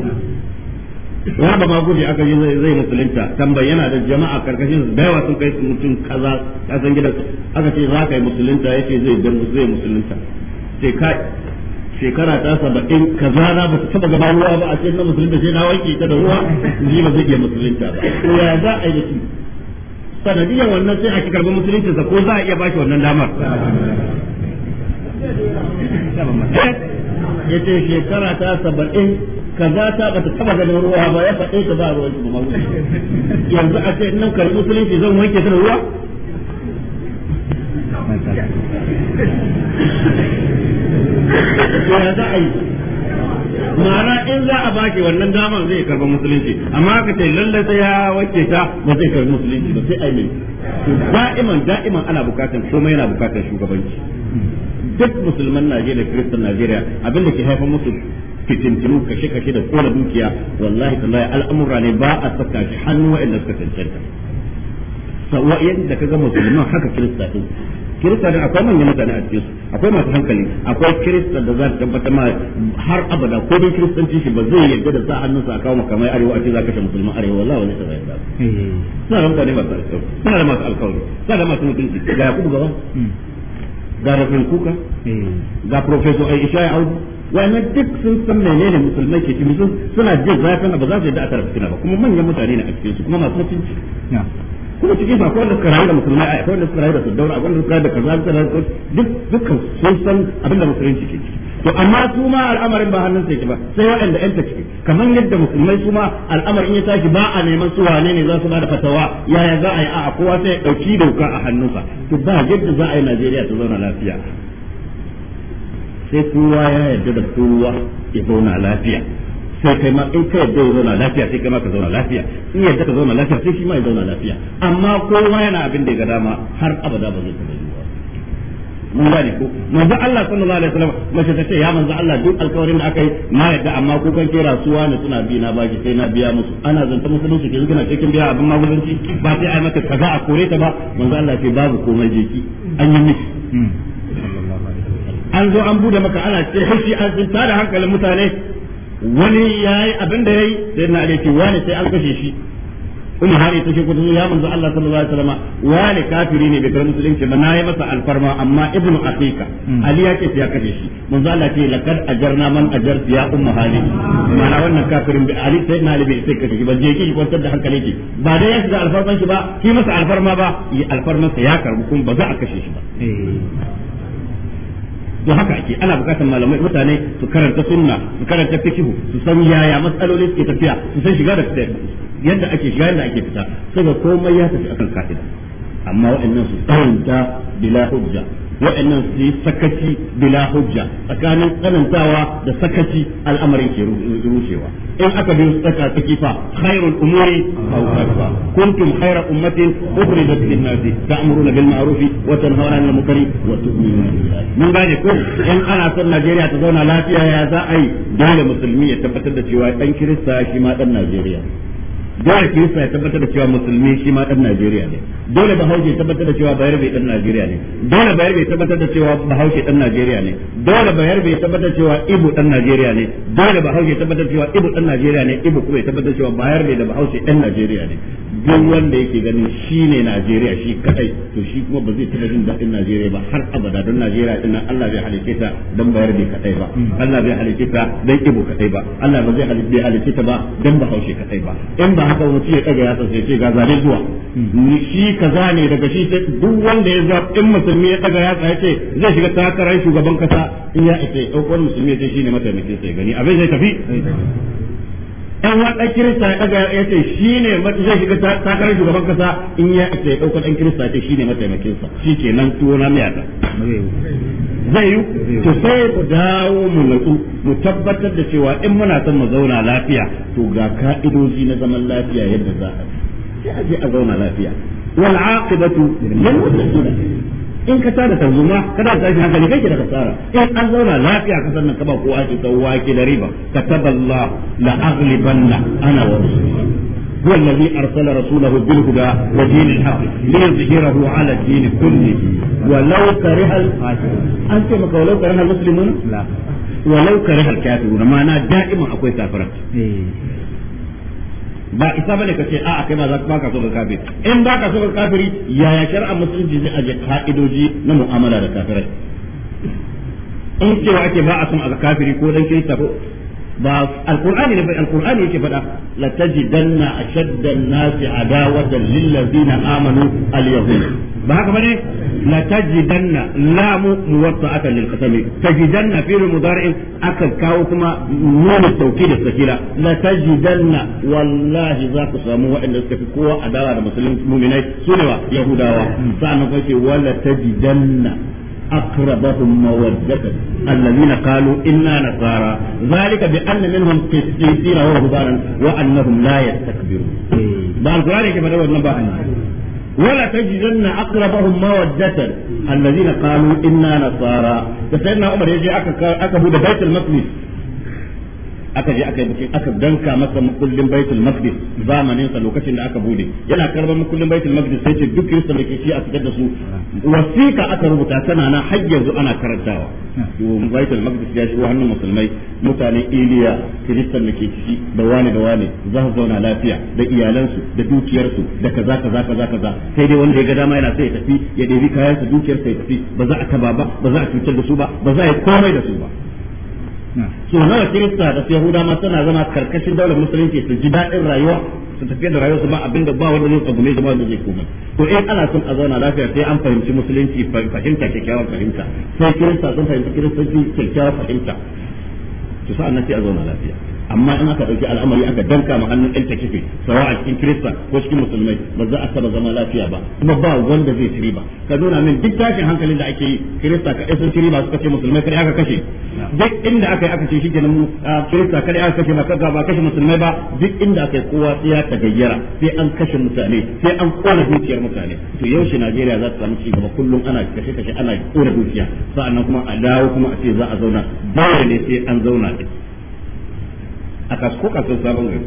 ya ba ma gobe aka yi zai musulunta tambayi yana da jama'a karkashin da yawa sun kai mutum kaza ya san gidan aka ce za ka yi musulunta ya ce zai dan zai musulunta sai ka shekara ta saba'in kaza na ba su taba gaba ruwa ba a ce na musulunta sai na wanke ta da ruwa ni ba zai iya musulunta ba ko ya za a yi da shi sanadiyar wannan sai a ki karbi musulunci ko za a iya bashi wannan damar ya ce shekara ta saba'in za ta bata taba ganin ruwa ba ya faɗe ta ba ruwan ba yanzu a ce nan kan musulunci zan wanke ta ruwa ya za a yi Mara in za a baki wannan daman zai karba musulunci amma ka ce lallai sai ya wanke ta ba zai karbi musulunci ba sai ai mai da'iman da'iman ana bukatar komai yana bukatar shugabanci duk musulman Najeriya kristan Najeriya abin da ke haifar musu fitintinu kashe kashe da kona dukiya wallahi tallahi al'amura ne ba a saka shi hannu wa'anda suka cancanta sawa yadda kaga musulman haka kirista din kirista din akwai manyan mutane a cikin su akwai masu hankali akwai kirista da za ta tabbatar ma har abada ko dai kiristanci shi ba zai yarda da sa hannunsa a kawo makamai arewa a ce za ka kashe musulman arewa wallahi wani ta zai ba hmm. suna da mutane masu alƙawari suna da masu alƙawari suna da masu mutunci ga yakubu gaba hmm. ga rabin kuka ga professor Aisha ya auku wannan duk sun san menene musulmai ke cikin suna jin zafin ba za su yadda a tara ba kuma manyan mutane ne a cikin su kuma masu mutunci kuma cikin ba kowanne suka rayu da musulmai a kowanne suka rayu da suddaura a kowanne suka rayu da kaza suka rayu duk dukkan sun san abin da musulmai ke ciki to amma su ma al'amarin ba hannun sai ba sai waɗanda yan ta ciki kamar yadda musulmai su ma al'amarin ya tashi ba a neman su wane ne za su ba da fatawa yaya za a yi a kowa sai ya ɗauki dauka a hannunsa to ba yadda za a yi Najeriya ta zauna lafiya sai kowa ya yarda da kowa ya zauna lafiya sai kai ma in kai da zauna lafiya sai kai ma ka zauna lafiya in yadda ka zauna lafiya sai shi ma ya zauna lafiya amma kowa yana abin da ya ga dama har abada ba zai taɓa yiwuwa mun gane ko manzo Allah sallallahu alaihi wasallam mace ta ce ya manzo Allah duk alƙawarin da aka yi ma yadda amma ko kan kira suwa ne suna bi na baki sai na biya musu ana zanta musulunci ke zuwa cikin biya abin magudanci ba sai ai maka kaza a kore ta ba manzo Allah ce babu komai jeki an yi miki hmm. an zo an bude maka ana ce hashi an tsinta da hankalin mutane wani yi abin da yi sai na alaiki wani sai an kashe shi kuma har ita shi kudu ya manzo Allah sallallahu alaihi wasallam wani kafiri ne bai musulunci ba nayi masa alfarma amma ibnu aqiqa hmm. ali yake ya kashe shi manzo Allah ce laqad ajarna man ajarta ya ummu hali mana wannan kafirin bi ali sai na alibi sai kashe shi ba je ki kwantar da hankali ki ba dai ya shiga alfarman shi ba ki masa alfarma ba alfarman sa ya karbu kuma ba za a kashe shi ba eh. don haka ake ana bukatar malamai mutane su karanta sunna su karanta fikihu su san yaya matsaloli suke tafiya su san shiga da fita yadda ake shiga yadda ake fita saboda komai ya tafi akan ka'ida amma waɗannan su tsawanta bila hujja waɗannan su yi sakaci bila hujja tsakanin tsanantawa da sakaci al'amarin ke rushewa in aka bi tsaka tsaki fa khairul umuri awqatha kuntum khaira ummatin ukhrijat lin nasi ta'muruna bil ma'ruf wa tanhawna 'anil munkar wa tu'minuna billah mun gane ko in ana son Najeriya ta zauna lafiya ya za a yi dole musulmi ya tabbatar da cewa dan kirista shi ma dan Najeriya dole kirista ya tabbatar da cewa musulmi shi ma dan Najeriya ne dole bahaushe ya tabbatar da cewa dan Najeriya ne dole bayar bai tabbatar da cewa bahaushe dan Najeriya ne dole bayar bai tabbatar da cewa ibu dan Najeriya ne dole bahaushe ya tabbatar da cewa ibu dan Najeriya ne kuma ya tabbatar da cewa da bahaushe dan Najeriya ne duk wanda yake ganin shi ne Najeriya shi kadai to shi kuma ba zai taɓa jin daɗin Najeriya ba har abada don Najeriya ina Allah zai halice ta dan bayar da kadai ba Allah zai halice ta dan ibo kadai ba Allah ba zai halice halice ta ba dan bahaushe kadai ba in ba haka mutum ya daga ya sai ce ga zare zuwa shi kaza ne daga shi duk wanda ya zaɓi in musulmi ya daga ya ce zai shiga takarar shugaban kasa in ya ce ɗaukar musulmi ya ce shine mataimakin sai gani abin zai tafi yan waɗa kirista ya ɗaga ya ce shi ne zai shiga takarar shugaban kasa in ya ce ɗauka ɗan kirista ce shi ne mataimakinsa shi ke nan tuwo na miyata zai yi to sai ku dawo mu natsu mu tabbatar da cewa in muna son mu zauna lafiya to ga ka'idoji na zaman lafiya yadda za a sai a je a zauna lafiya wal aqibatu lil muttaqin in ka tada tarzoma kada ka tashi hankali kai ke da kasara in an zauna lafiya kasar sannan ka ba kowa ki kawwa ki da riba kataballahu la aghlibanna ana wa rusuli هو الذي أرسل رسوله بالهدى ودين الحق ليظهره على الدين كله ولو كره الكافرون أنت ما ولو كره المسلمون لا ولو كره الكافرون ما أنا دائما أقول كافرة ba isa bane ka ce a kai ma za ka so ka kafiri in ba so ga kafiri yaya shar'a musulunci zai aje ka'idoji na mu'amala da kafirai in cewa ake ba a son a kafiri ko dan kirista ko ba alqur'ani ne alqur'ani yake faɗa la tajidanna ashadda an-nasi adawatan lil ladzina amanu al-yahud ba haka bane la tajidanna lamu muwatta'atan lil qasami tajidanna fi mudari'in aka kawo kuma nuna tawkid sakila la tajidanna wallahi za ku samu waɗanda suka fi kowa adawa da musulmi mu'minai su ne wa yahudawa sannan kuma ce wala tajidanna أقربهم مودة الذين قالوا إنا نصارى ذلك بأن منهم قسيسين ورهبانا وأنهم لا يستكبرون بالقرآن كيف نقول نبأ ولا تجدن أقربهم مودة الذين قالوا إنا نصارى فسيدنا عمر يجي أكا بيت المقدس aka je aka yi bikin aka danka masa makullin baitul maqdis zamanin sa lokacin da aka bude yana karban makullin baitul maqdis sai ce duk kristan da ke shi a fitar da su wasiqa aka rubuta tana na har yanzu ana karantawa baitul maqdis ya shigo hannun musulmai mutane iliya kristan da ke shi da wani da wani za su zauna lafiya da iyalansu da dukiyarsu da kaza kaza kaza kaza sai dai wanda ya ga dama yana sai ya tafi ya kayan kayansa dukiyarsa ya tafi ba za a taba ba ba za a cutar da su ba ba za a yi komai da su ba so nawa kirista da su yahuda ma suna zama karkashin daular musulunci su ji daɗin rayuwa su tafi da su ba abin da ba wanda zai tsagume su ba wanda zai koma to in ana son a zauna lafiya sai an fahimci musulunci fahimta kyakkyawar fahimta sai kirista sun fahimci kiristanci kyakkyawar fahimta to sa'an nan sai a zauna lafiya amma in aka dauki al'amari aka danka ma hannun ɗan takife sawa a cikin kirista ko cikin musulmai ba za a taba zama lafiya ba kuma ba wanda zai ci ba ka nuna min duk tashin hankalin da ake yi kirista ka sun ci ba suka ce musulmai kaɗai aka kashe duk inda aka yi aka ce shi kenan mu kirista kaɗai aka kashe ba ba kashe musulmai ba duk inda aka yi kowa sai ya tagayyara sai an kashe mutane sai an kona dukiyar mutane to yaushe Najeriya za ta samu ci gaba kullum ana kashe kashe ana kona dukiya sa'annan kuma a dawo kuma a ce za a zauna dole ne sai an zauna a ko kasuwar sabon gari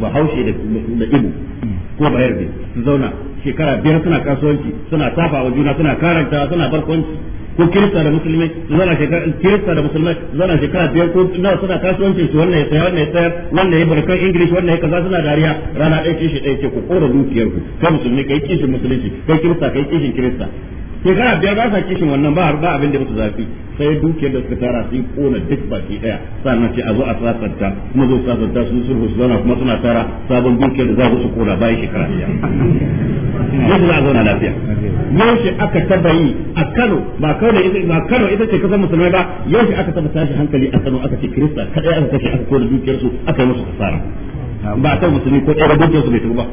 bahaushe da ibo ko bayar ne su zauna shekara biyar suna kasuwanci suna tafa wa juna suna karanta suna barkwanci ko kirista da musulmi zana shekara kirista da musulmi zana shekara biyar ko nawa suna kasuwancin su wannan ya tsaya wannan ya tsaya wannan ya barkan english wannan ya kaza suna dariya rana ɗaya kishi ɗaya ce ku kora dukiyar ku kai musulmi kai kishin musulunci kai kirista kai kishin kirista shekara biyar ba sa kishin wannan ba ba abin da musu zafi sai dukiyar da suka tara sun kona duk baki daya sannan ce a zo a sasanta kuma zo sasanta sun sulhu su zauna kuma suna tara sabon dukiyar da za su kona bayan shekara biyar yau za a zauna lafiya yau shi aka taba yi a Kano ba kawai ita ba Kano ita ce kasar musulmai ba yau aka taba tashi hankali a Kano aka ce Kirista kaɗai aka kashe aka kona dukiyar su aka yi musu kasara ba ta musulmi ko ɗaya rabon su bai tafi ba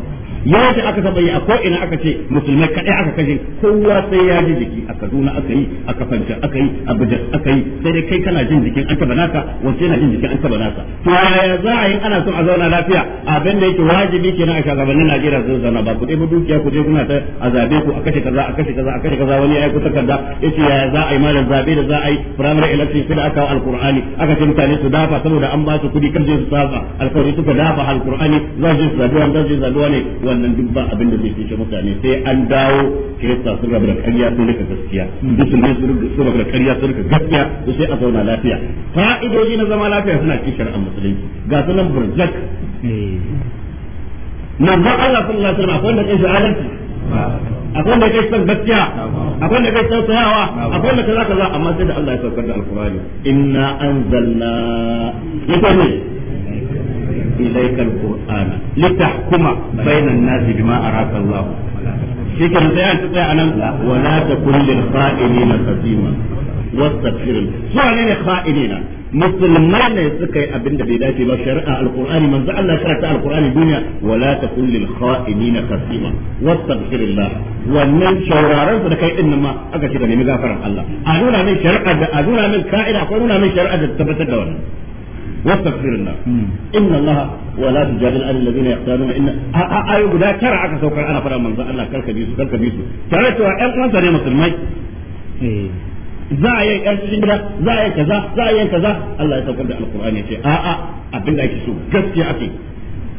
yawanci aka saba yi a ko ina aka ce musulmai kaɗai aka kashe kowa sai ya ji jiki a kaduna aka yi a kafanta aka yi a bujar aka yi sai dai kai kana jin jikin an taba naka wace yana jin jikin an taba naka to yaya za a yi ana son a zauna lafiya abin da yake wajibi kenan a shagabannin Najeriya su zauna ba ku ba dukiya ku je kuna ta a zabe ku a kashe kaza a kashe kaza a kashe kaza wani ya yi takarda ce yaya za a yi malam zabe da za a yi firamare election sai da aka wa alkur'ani aka ce mutane su dafa saboda an ba su kuɗi kan je su saba alkawari suka dafa alkur'ani za su zaduwa za su zaduwa ne wannan duk ba abin da zai fice mutane sai an dawo kirista sun rabu da ƙarya sun rika gaskiya musulmi sun rabu da ƙarya sun rika gaskiya to sai a zauna lafiya fa'idoji na zama lafiya suna cikin shari'ar musulunci ga sunan burjak ba Allah sallallahu alaihi wasallam akwai wanda ke shahadar akwai da ke san gaskiya akwai da ke san tsayawa akwai da kaza kaza amma sai da Allah ya saukar da alkurani inna anzalna yace ne إليك القرآن لتحكم بين الناس بما أراك الله شكرا سيئا تطيع ولا تكن للخائنين خصيما wastaghfirun su ne ne kha'inina musulmai ne suka yi abin da bai dace ba shari'a alqur'ani manzo Allah ya karanta alqur'ani duniya wala takul lil kha'inina khasima wastaghfirullah wannan shauraran su da kai din ma aka ce da nemi gafaran Allah a nuna min shari'a da a nuna min ka'ida ko nuna min shari'a da tabbatar da wannan واستغفر الله ان الله ولا تجادل عن الذين يختارون ان اي غدا ترى aka saukar ana fara manzo Allah karka bi su karka bi su tare cewa ƴan uwansa ne musulmai za a yi ƴan cikin gida za a yi kaza za a yi kaza Allah ya saukar da alqur'ani ce a a abin da ake so gaskiya ake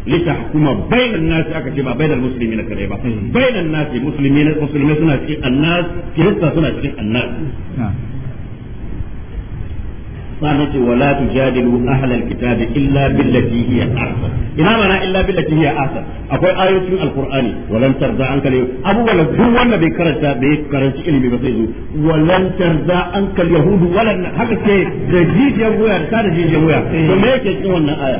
Lita litahkuma bainan nasi aka ce ba musulmi na kare ba bainan nasi musulmi musulmai suna cikin annas kirista suna cikin annas sannan ce wala tujadilu ahlal kitabi illa billati hiya ahsan ina mana illa billati hiya ahsan akwai ayoyin alqur'ani walan tarza anka ne abubuwan duk wanda bai karanta bai karanci ilimi ba sai zo walan tarza anka yahudu walan haka ce da jijiyar waya ta da jijiyar waya to me yake cikin wannan aya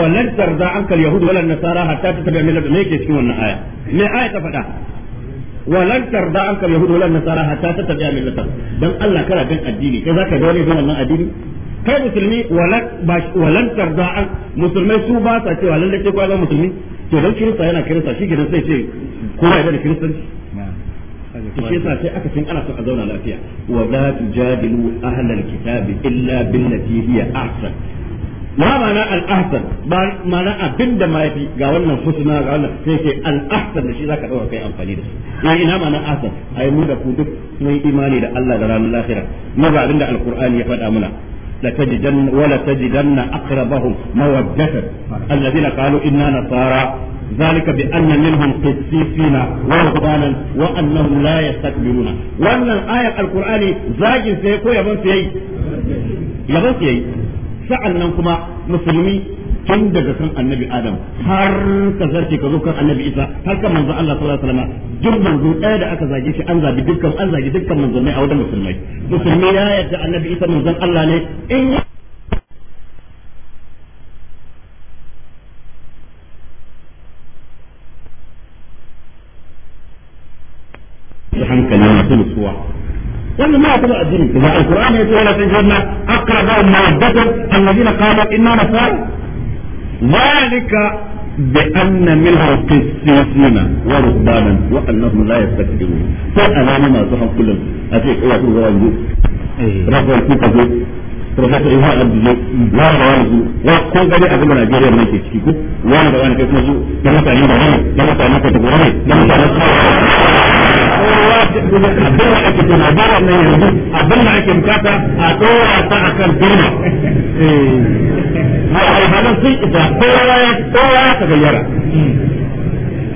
walan tarza anka yahudu walan nasara hatta tattabi'a millata me yake cikin wannan aya me aya ta faɗa walan tarda an kal yahudu wal nasara hatta tattabi'a millata dan Allah kana bin addini kai zaka ga wani bin wannan addini kai musulmi walan tarda an musulmai su ba sa cewa lalle sai kwa musulmi to dan kirista yana kirista shi gidan sai ce kowa yana da kiristanci shi yasa sai aka san ana son a zauna lafiya wa la tujadilu ahlal kitabi illa billati hiya ahsan ma ma'ana al-ahsan ba ma'ana abinda ma yafi ga wannan husna ga wannan sai ke al-ahsan da shi zaka dauka kai amfani da shi ya ina ma'ana ahsan ai mu da ku duk mun imani da Allah da ranar lahira mu ba abinda al-qur'ani ya faɗa muna لتجدن ولتجدن أقربهم مودة الذين قالوا إنا نصارى ذلك بأن منهم قسيسين ورهبانا وأنهم لا يستكبرون وأن الآية القرآنية زاجل سيكو يبن سيئي يبن سيئي nan kuma musulmi tun daga kan annabi adam har ka zarce ka zo kan annabi isa har kan manzo Allah sallallahu alaihi wasallam duk manzo ɗaya da aka zage shi an zabi dukkan an zage dukkan a wajen musulmai musulmi ya yarda annabi isa manzon Allah ne in hankali masu nutsuwa wannan ma ta addini da alqur'ani ya ce wala tajidna aqrabu na alladhina qalu inna nasar zalika bi anna minha qisina wa rubbana wa annahum la yastakbirun fa alama ma zuha kullu a ce kowa ko zuwa ji rabbul kitab Profesor Iha Abdi ne, ya da wani su, ya kun gani a zama Najeriya ne ke ciki, wani da wani kai kuma su, na mutane da wani, na mutane ka tukuru ne, na mutane kawai. abin da ake tuna ba wannan yanzu abin da ake bukata a ɗora ta a kan turma a alhalin sun isa kowa ya kowa ya ta gayyara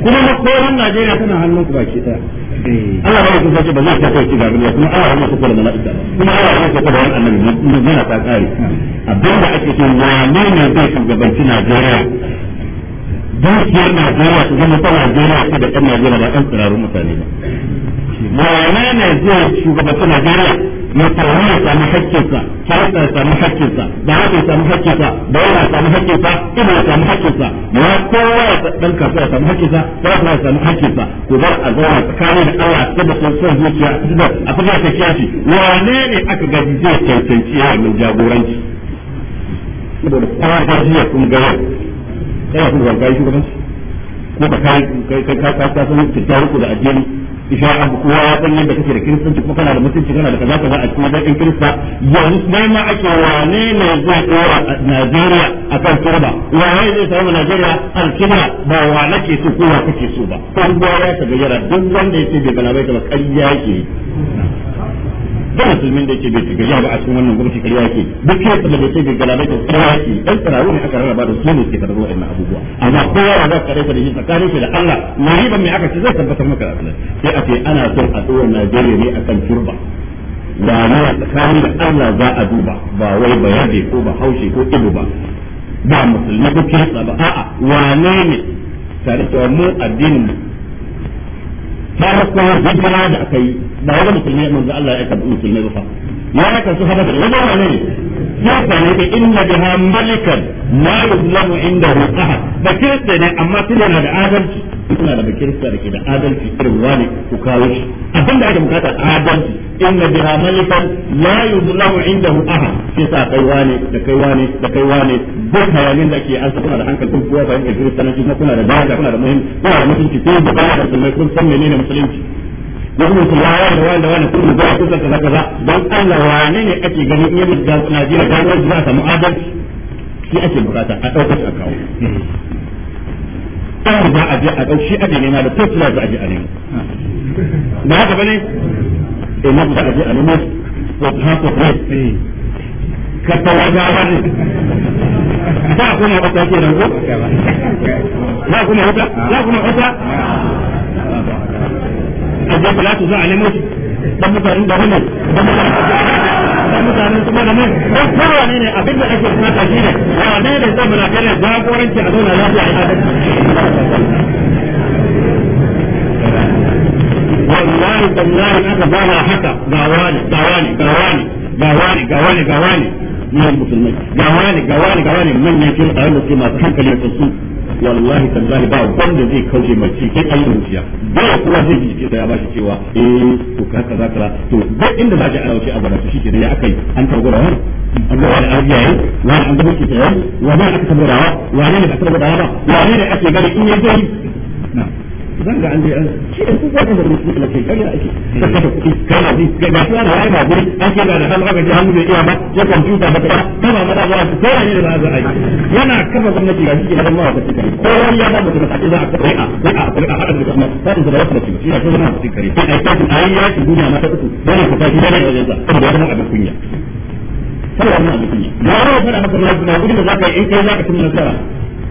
kuma makoran Najeriya tana hannun ku baki ɗaya Allah ba ku sace ba zai ta kai ga duniya kuma Allah ya saka da mala'ika kuma Allah ya saka da wannan annabi mun gina ta kare abin da ake cewa ne ne zai shugabanci Najeriya dukiyar Najeriya su zama ta Najeriya ce da ɗan Najeriya ba ɗan tsirarun mutane ba mene ne shugaban shugabanci Najeriya ya tauri ya samu hakkinsa kirista ya samu da haka ya samu da yana ya samu hakkinsa ina ya samu hakkinsa ya kowa ya dan kasuwa ya samu hakkinsa sarrafa ya samu hakkinsa ko bar a zauna tsakanin da Allah ta da son zuciya a fitar da kiyashi ne aka gaji zai cancanci ya jagoranci saboda kowa ta jiya kun ga yau kana kun zarga shugabanci ko ka kai kai ka ka san da addini isharar abu kowa ya san yadda kake da kiristanci kuma kana da mutunci kana da kaza kaza a cikin wajen kirista yanzu dai ma ake wane ne zai kowa Najeriya a kan turba wane zai samu Najeriya alkibra ba wa nake so kowa kake so ba kan kowa ya tagayyara duk wanda yake bai balabai ba ƙarya yake ba musulmin da yake bai shiga ba a cikin wannan gwamnati kariya yake duk ya tsalla bai bai galaba da kariya yake dan tsarawo ne aka rarraba da su ne suke karɓar wa'annan abubuwa amma kowa ya za ka rai da shi tsakanin shi da Allah ne ban mai aka ce zai tabbatar maka da sai a ce ana son a tsora Najeriya ne akan turba da nawa tsakanin da Allah za a duba ba wai bayade ko ba haushe ko ibo ba ba musulmi ko kirista ba a'a wane ne tare da mu addinin bayan kuma hijira da aka yi ba wani musulmi manzo Allah ya aika musulmi ba ya aika su hada da wani ne ya sani ka inna biha malikan ma yuzlamu indahu ahad ba kirista ne amma tunda na da adalci suna da kirista da ke da adalci irin wani ku kawo shi abinda ake bukata adalci inna biha malikan la yuzlamu indahu ahad sai sa kai wani da kai wani da kai wani duk hayanin da ke an kuna da hankali kun kuwa bayan kirista kuma kuna da daraja kuna da muhimmi kuna da mutunci ko da baya da musulmai kun san menene musulunci yanzu su ya wani wani da wani kun za a kusa kaza kaza don Allah wane ne ake ganin yi da Najeriya da wani za samu adalci shi ake bukata a ɗaukar a kawo an da za a je a ɗauki ake nema da kotu za a je a nema ba haka bane ina eh, za a je a nema ne eh. ka tawaga ba ne ba kuma wata ke nan ko kuma wata kuma wata a za a da da mutanen su mana nan don kowane ne abin da ake fata shi ne wane ne zai muna kare jagoranci a zauna lafiya a adalci wallahi tallahi aka fara haka ga wani ga wani ga wani ga wani ga wani ga wani ga wani ga wani ga wani manyan kirɗa wanda ke masu hankali da su wallahi tallahi ba wanda zai kauce mai ci kai ayi ruciya ba kuma zai ji ya bashi cewa eh to ka kaza kaza to duk inda za ka alauce a barasa shi kenan ya akai an targo da wani an ga wani arziya ne wa an gaba ke wa ba aka tabbarawa wa ne aka ba wa ne ake gani in ya zai zan ga an je an shi da kuma wanda da mutum ke kai ya ake da kana ji ga ba tsara ai ba guri an ce da da hannu ga hannu bai iya ba ya ba ta ko da za a yi yana kafa gwamnati ga shi da mawa ta kai ko wani ya ba mutum a ce za a kai a za a kai a hada da kuma sai da wasu mutum shi da kuma na cikin kare sai ai ya ci duniya mata uku yana fita shi da wajen sa saboda wannan abin kunya saboda wannan abin kunya da wani da za ka yi in kai za ka nasara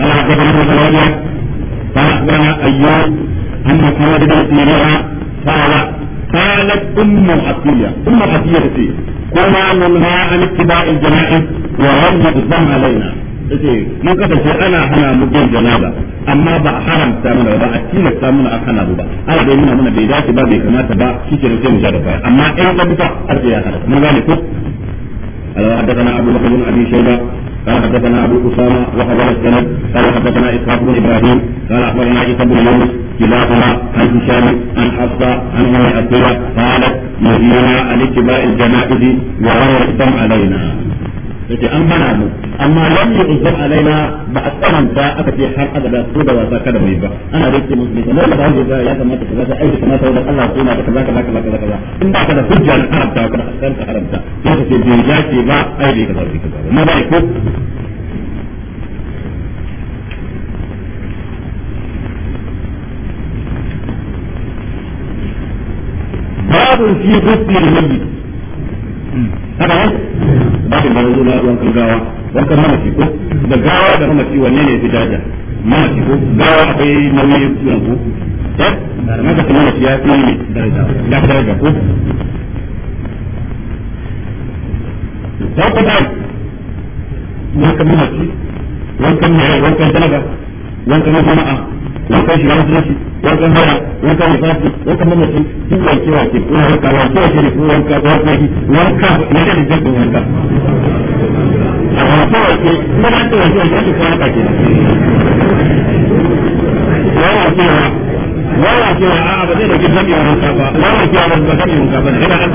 قال حدثنا ابن سوية قال اخبرنا ايوب ان محمد بن سيرها قال قالت ام عطيه ام عطيه تسير كنا ننهى عن اتباع الجنائز وهم الظن علينا yace mun kasance ana hana mu bin janaba amma ba a haramta mana ba a tilasta mana a hana ba ana da nuna mana bai dace ba bai kamata ba shike da mu da baya amma in ka buta har ya hana mun gane ko Allah حدثنا أبو بكر بن أبي شيبة قال حدثنا ابو اسامه وحضر السند قال حدثنا اسحاق بن ابراهيم قال اخبرنا عيسى بن يونس كلاهما عن هشام عن حفصه عن ام قالت نهينا عن اتباع الجنائز ولا علينا yake an bana mu amma lam yuzar alaina ba a tsananta aka ce har abada ko da wasa kada mai ba ana da rike musulmi kamar da hanje da ya kamata ka zaka aiki kamata wannan Allah ko na da kaza kaza kaza kaza in ba ka da hujja na haramta ka san ka haramta sai ka ce bai ce ba ai dai kaza bai kaza na bai ko babu shi غسل ne haka ne ba ta bari zuwa wankan gawa wankan mamaci ko da gawa da mamaci wanne ne fi daja mamaci ko gawa akwai nauyi suna eh? ko eh maka ta mamaci ya fi ne da daraja ko za ku da wankan ci. wankan mai wankan talaga wankan jama'a ya kai shi wani sunci ya kan haya ya kan yi fasi ya kan nuna shi shi ya kewa ce kuna haka ya kewa ce ne kuma wanka ya kewa ce ne wanka ya kan yi jirgin wanka a wanka ya ce kuma ya kewa ce ya kewa haka ce ya kewa wala ke wa a'a ba zai da gidan yawon wanka ba wala ke wa ba zai wanka ba ne ina an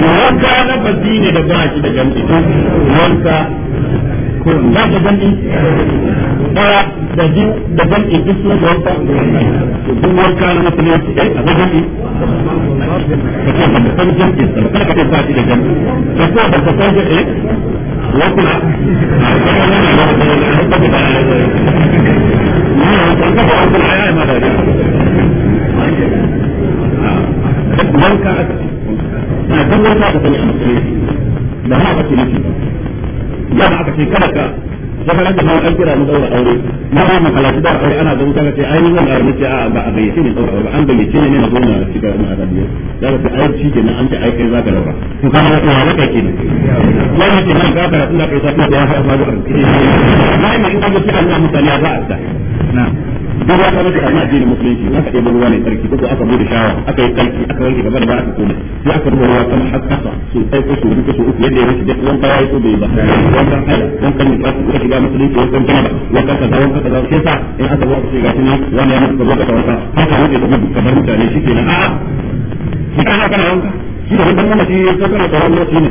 ne wanka na ba zine da ba kowane za ka jam'i daya da biyu da jam'i duk suna da wanka duk wanka na musulunci eh a jam'i ka ce ba san jam'i ba kada ka ce ba shi da jam'i ka ce ba ka san jam'i eh, wakula wanka a duk wanka ka sani a musulunci da ma a cikin ya ma aka ce kada ka zama da ma an kira mu daura aure na ba mu kalaci da aure ana zama kaga ce ai ni wannan aure ce a ba a gayyace ne daura aure an gayyace ni ne na gona shi ga mu arabiya da ka ai shi kenan an ce ai kai zaka daura to kana da wani kai kenan wannan ke nan gafara tunda kai zaka daura ya fara ba da aure na mai in ka ga kira mu mutane ba a ta na'am duk wata mace a addinin musulunci za ka ɗebo ruwa ne tsarki ko aka bude shawa aka yi tsarki aka wanke gaba da ba aka koma sai aka ruwa ruwa sama har kasa a sai ko so duka so uku yadda ya wuce duk wanka ya yi ko bai ba wankan haila wankan nufa ko shiga musulunci wankan jama'a wankan kaza wankan kaza sai sa in aka zo aka shiga shi wani ya mutu ka zo ka wanka haka wuce da mutu kamar mutane shi ke nan a'a shi kana kana wanka shi da wannan mace ya zo kana da wannan shi ne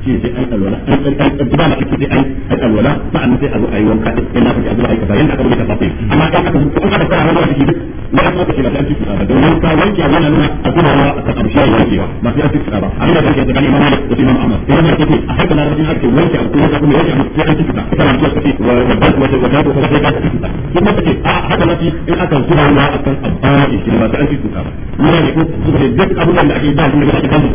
shi sai ai alwala an ai ai ba na ake ai ai alwala sa'an sai azu ai wanka din ina fake azu ai kaza yanda aka rubuta amma ai aka ko aka fara hawa da shi ne aka fake da shi ba don wanka wanke wannan nuna azu a aka karshe wanke ba ba sai aka ba amma da kake da imam Malik da imam Ahmad imam Malik a haka na rubin haka wanke a ko kuma wanke abu sai an a ta kana zuwa kafi wa da wa da wa da sai ka ci kuma kace a haka lafi in aka zuwa ruwa akan abba shi ba sai an ci ba ne ko duk abubuwan da ake ba shi ne ba ake ba shi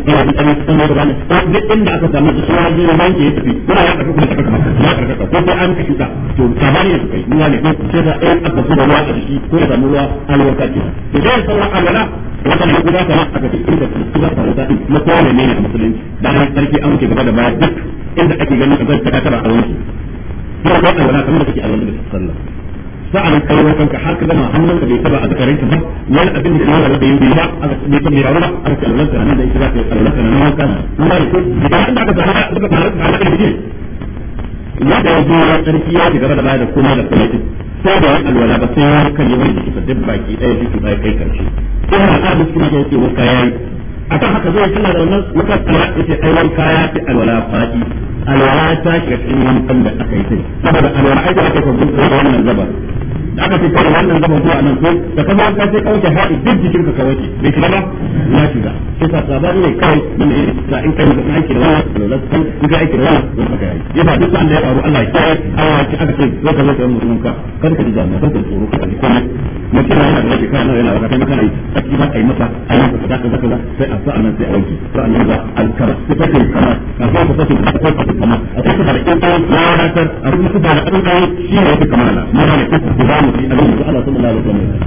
ne ba ne duk inda aka samu yanzu kowa biyu ya wanke ya tafi kuna ya tafi kuma tafi ya tafi ko sai an kashi ta to sabani ne kai ruwa ne sai da ɗayan aka zuba ruwa a jiki ko ya samu ruwa alwarka ke to sai sauran alwala wannan ne guda kamar aka ce inda su za su faru zaɓi na kowane ne ne a musulunci da hannun sarki an wuce gaba da baya duk inda ake ganin a zai ta kakara a wani. Kuma wannan alwala kamar da kake alwala da sallah. sa'an kai wasan har ka hannun ka bai taba a zakarin ka ba wani abin da kuma da bai ba a ba a cikin da za ka yi nan da ka da ya da ya tsarki ya shiga da baya da kuma da kuma da alwala ba sai kan yi wani kisa duk baki ɗaya shi ba kai karshe sai ha ka duk kuma wa haka zai da wannan wata kaya ta alwala fa'i alwala ta shiga cikin wani aka yi sai saboda alwala aka yi wannan zabar da aka kawai wannan zaman zuwa nan ko da ka zo ka ce duk jikin ka kawai bai shiga ba na shiga sai ka sabani ne kawai mun yi da in kai da aiki da wannan da in aiki da wannan ya ba duk ya faru Allah ya kiyaye Allah aka ce zo ka zo ka mutum kar ka ji mu ka tsoro ka yana da shi kana yana da kai maka yi saki ba kai masa ai ka sai a nan sai a wanke sa'an nan za alkara zo ka kai kama a cikin da in a cikin da kamala mun ne في أبي سأل صلى الله عليه وسلم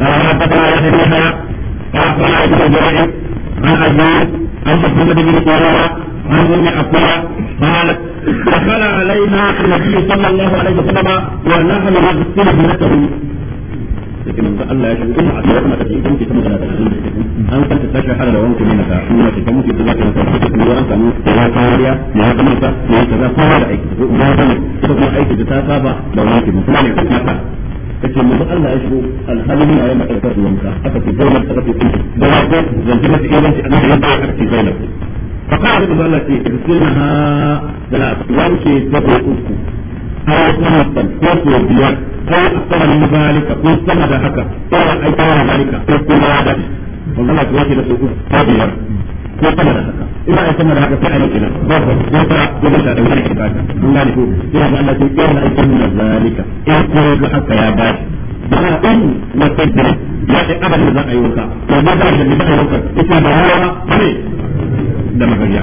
قال حدثنا يحيى بن قال قال ابن الجرير عن عزيز عن محمد بن قرارة عن ابن عفان قالت دخل علينا النبي صلى الله عليه وسلم ونحن نغسل ابنته suke manzo Allah ya a tsaya kuma take in ta magana da an ta tashi har da wanke ne ta kuma ta mutu da zaka ta kuma an samu ya ta da aiki kuma aiki da ta saba da wanke mutum ta ta kace mu Allah ya shigo alhalin ya yana karkar wanka aka ce dole ta kace da wako zan ji mata inganci annabi ya ba ka أو سنة كوكو بيار أو أكثر من ذلك كل سنة هكا أو أكثر من ذلك كل عدد والله كوكي لسوكو بيار ko sama da haka ina ai sama da haka sai ai kina ba ba ko ta ko ta da wani kida ka kun gane ko ina ga Allah sai kana ai kana zalika in ko ga haka ya ba ba in na tabbata ya ce abada za a yi wuka to ba da da ba yi wuka ita ba rawa ne da magariya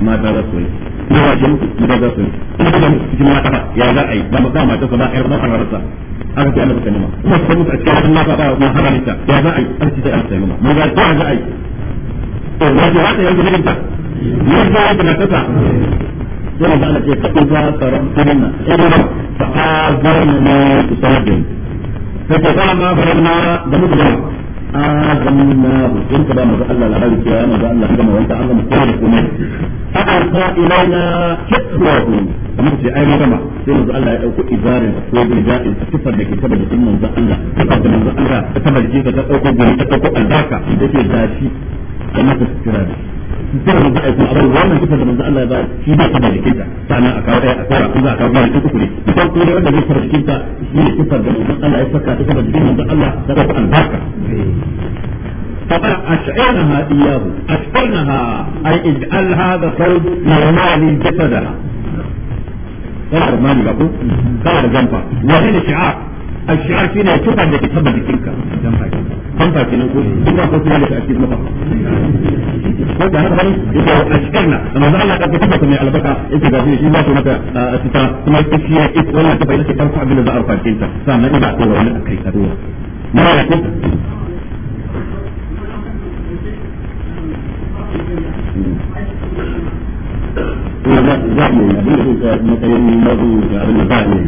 mata za su yi da ba ce muku mata za su yi in kuma muku cikin mata ba ya za a yi ba ba mata ba yar ba fara rasa aka ce annabi sallama kuma ta muku a cikin wannan mata ba ma haraminta ya za a yi aka ce annabi sallama mun ga ba za a yi to wato wata yanzu ne ta yanzu wata na kasa yana da alaƙe ta kuma tsaron sunna ina ta azarna ne ta sabin ta ta ma farma da azan na in ka ba mu ga Allah labari cewa ya manzo Allah kuma wanda an gama da komai a arsa ilaina kitwahu amma sai ai magana sai manzo Allah ya dauko ibarin ko bilja'in sifar da ke tabbata da sunan manzo Allah da manzo Allah ta tabbata ta dauko gari ta dauko albarka da ke zafi kamar ta da sai manzo Allah ya bayar wannan kitan da manzo Allah ya bayar shi ba kuma da kinta sannan a kawo a tsara kuma a kawo ɗaya ta uku ne da wanda zai fara kinta shi ne da manzo Allah ya saka ta saboda jikin manzo Allah da ta albarka إياه أي جسدها قال بقول قال شعار الشعر فينا يتوقع انك تحب بكينك تنفع في نقول تنفع في ذلك اكيد مطلع فانت هذا غني اذا اشكرنا لما زعل لك انت تبقى على بكره انت جاي في شيء متى سترى ثم تكفي ايه ولا تبقى لك تنفع من الزعر فانت انت فما ايه بعد هو ولا اكيد هو ما رايك لا زعل النبي مثلا النبي عبد الله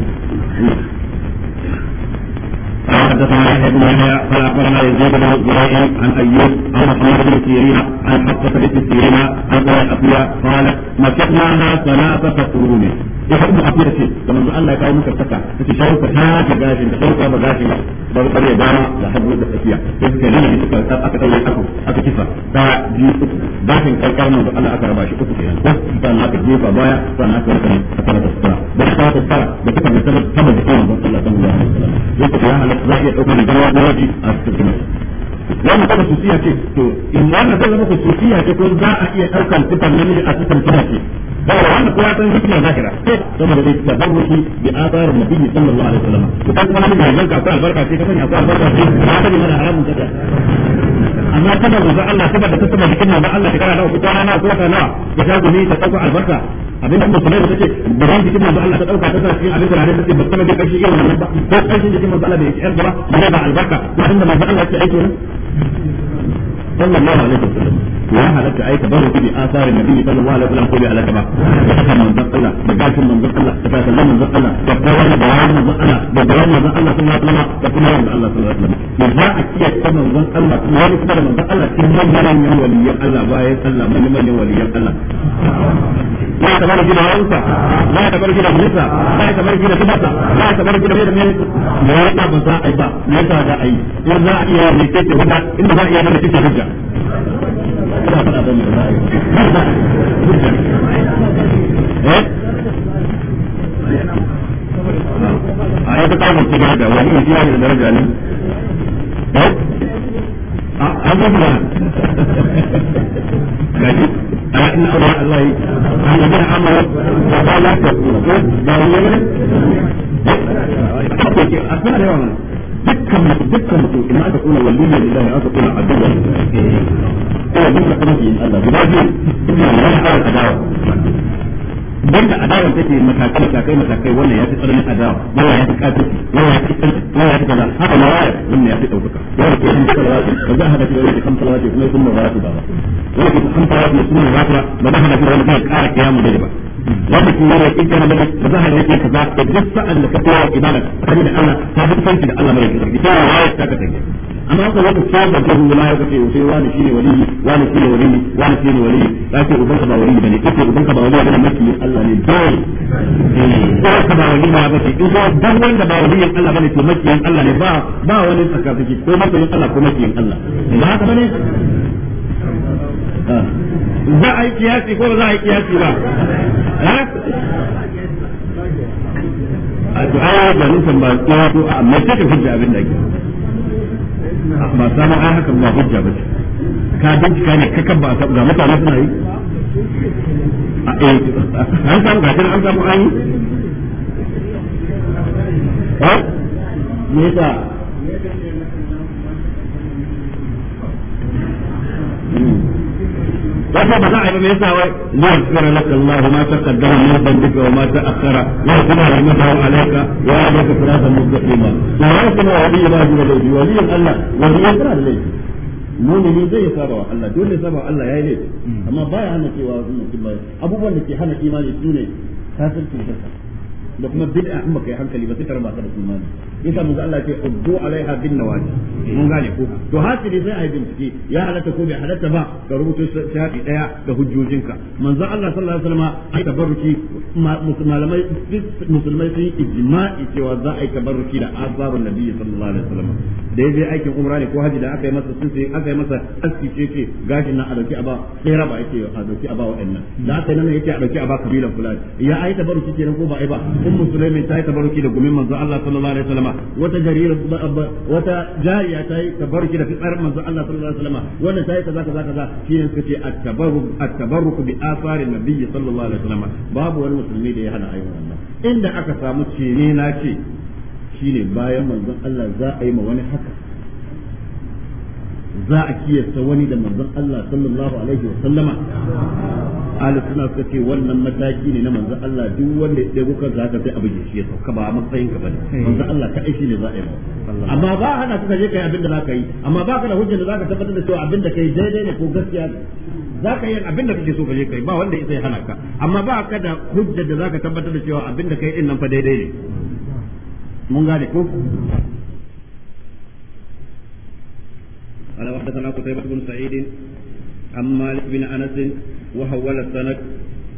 حدثنا يحيى بن يحيى قال اخبرنا يزيد بن زريع عن ايوب عن محمد بن سيرين عن حفصه بنت سيرين عن ابي عطيه قالت مكثناها ثلاثه قرون يحيى بن عطيه شيء لما الله يقاوم كفتك في شوك هاك جاشن شوك بغاشن بابا قال يا جماعه لا حد يقول تفكيا يذكر لنا في تلك اكثر من اكو اكو كيفا دا دي داخل كلكم الله اكرم باشي كتب يعني بس كان هاك جيفا بايا كان هاك كان كان بس ترى بس ترى بس كان بسبب سبب الله صلى الله عليه وسلم يقول يا za a iya ɗaukar rigar wani waje a cikin wannan kuma sufiya ce to in zai zama ce ko za a iya ɗaukar sifar namiji a cikin sifar ce ba kuma san hikima zahira saboda dai da babu shi bi athar nabi sallallahu alaihi wasallam to kuma namiji albarka ce ka albarka ce haramun kaza amma kada manzo Allah saboda ta saboda kin manzo Allah shekara nawa ko kwana nawa ko wata nawa ya ta gumi ta dauka albarka abin da musulmai da take da ran cikin manzo Allah ta dauka ta cikin abin da take ba kuma da kashi irin wannan ba ko kashi cikin manzo Allah da yake yarda ba ba albarka wanda manzo Allah ya aike ne sallallahu alaihi wasallam ya halatta aika ka bari bi asarin nabi sallallahu alaihi wasallam ko bi alaka ba da manzon Allah da gashin manzon Allah da sallan manzon Allah da kawai da bayan manzon Allah da bayan manzon Allah sallallahu alaihi wasallam da kuma manzon Allah sallallahu alaihi wasallam da za a kiyar ta manzon Allah kuma wani kuma manzon Allah cikin manyan manyan waliyan Allah bayan Allah manyan manyan waliyan Allah لا تبارك إلى أنثى لا تبارك إلى موسى لا تبارك إلى سبسة لا تبارك إلى ميدا ميدا لا يتعب سائبا لا يتعب أي إذا إيا ميتة هدى إنما إيا ميتة هدى faɗa bane da za'a yi a yi ta kawo mutu daraja wani mutu ya da daraja ne a zai ba gaji a yi na aure Allah yi a yi na amara ba lafiya wani ne dukkan mutu dukkan mutu in aka kula da lillahi aka kula addu'a ko wanda kuma ke yin Allah guda biyu ina wani fara adawa banda adawa take matakai matakai matakai wannan ya fi tsananin adawa wannan ya fi kafiri wannan ya fi wannan ya fi kaza haka ma waya wannan ya fi dauka wannan ke yin salawati ba za hada kiyaye da kamsa salawati kuma sun ba za ku ba wannan ke kamsa salawati sun ba za ku ba ba za hada kiyaye da kara kiyamu da ba wannan kuma ya kike na da zahar ne kaza da duk sa'an da ka tsaya ibada kai da Allah ta duk fanki da Allah mai kike ta waya ta ka take amma ko wata saba da ruwa ya kace sai wani shine wali wani shine wali wani shine wali ka ce uban ka ba wali bane kace uban ka ba wali bane maki Allah ne dole ko ka ba wali ma ba ce in ko duk wanda ba wali Allah bane to maki Allah ne ba ba wani tsaka take ko maki Allah ko maki Allah ba haka bane za a yi kiyasi ko za a yi kiyasi ba a du'a ba nufin ba ko a mai take hujja abin da ke ba samun ai haka ba hujja ba ka bincika ne ka kan ba ga mutane suna yi a eh an samu gajin an samu an yi ba me yasa hmm. wata ba za a yi mai yasa wai ma ta kaddara min dhanbika wa ya alayka siratan mustaqima to ya kuma wali ba ji da wali Allah wali ya fara laifi mumini zai ya saba wa Allah dole ya saba amma baya da ke hana imani da kuma bid'a in baka yi hankali ba sai karba ta da sunna ne yasa manzo Allah ya ce uddu alaiha bin nawaji mun gane ko to hasili sai a yi bincike ya halatta ko bai halatta ba ka rubuta shafi daya da hujjojinka manzo Allah sallallahu alaihi wasallam ai tabarruki malamai musulmai sun yi ijma'i cewa za a yi tabarruki da asabun nabiyyi sallallahu alaihi wasallam da yaje aikin umra ne ko haji da aka yi masa sun sai aka yi masa aski ce ce gashin nan a dauki aba sai raba yake a dauki aba waɗannan da aka yi nan yake a dauki a ba kabilan fulani ya ai tabarruki kenan ko ba ai ba ummu sulaimi ta yi tabaruki da gumin manzo Allah sallallahu alaihi wasallam wata jarira wata jariya ta yi tabaruki da fitsar manzo Allah sallallahu alaihi wasallam ta yi kaza kaza kaza shine suka ce at-tabarruk at-tabarruk bi athari nabiyyi sallallahu alaihi wasallam babu wani musulmi da ya hana ayyukan wannan inda aka samu cene na ce shine bayan manzon Allah za a yi ma wani haka za a kiyasta wani da manzon Allah sallallahu alaihi wa sallama ahli suna suka ce wannan mataki ne na manzon Allah duk wanda ya dago kansa haka sai abin shi ya sauka ba a matsayin ka bane eh. manzon Allah ka aishi ne za a yi amma ba hana ka je kai abin da zaka yi amma ba ka da hujja da zaka tabbatar da cewa abin da kai daidai ne ko gaskiya ne za ka yi abin da kake so ka je kai ba wanda zai hana ka amma ba ka da hujja da zaka tabbatar da cewa abin da kai din nan fa daidai ne mun gane ko قال وحدثنا قتيبة بن سعيد عن مالك بن أنس وحول السند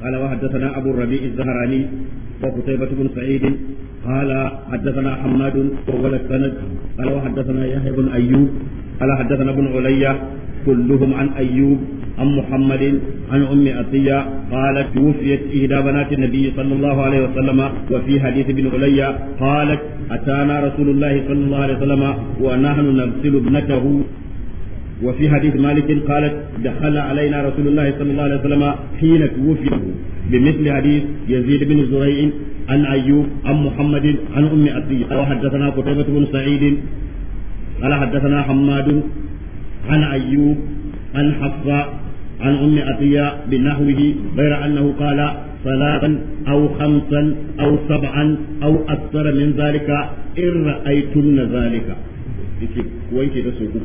قال وحدثنا أبو الربيع الزهراني وقتيبة بن سعيد قال حدثنا حماد وحول السند قال وحدثنا يحيى بن أيوب قال حدثنا ابن علي كلهم عن أيوب عن محمد عن أم أطية قالت توفيت إحدى بنات النبي صلى الله عليه وسلم وفي حديث ابن علي قالت أتانا رسول الله صلى الله عليه وسلم ونحن نغسل ابنته وفي حديث مالك قالت دخل علينا رسول الله صلى الله عليه وسلم حين توفي بمثل حديث يزيد بن زريع عن أيوب عن محمد عن أم عطية وحدثنا قتيبة بن سعيد قال حدثنا حماد عن أيوب عن حفصة عن أم عطية بنحوه غير أنه قال ثلاثا أو خمسا أو سبعا أو أكثر من ذلك إن رأيتن ذلك. وانت تسوقون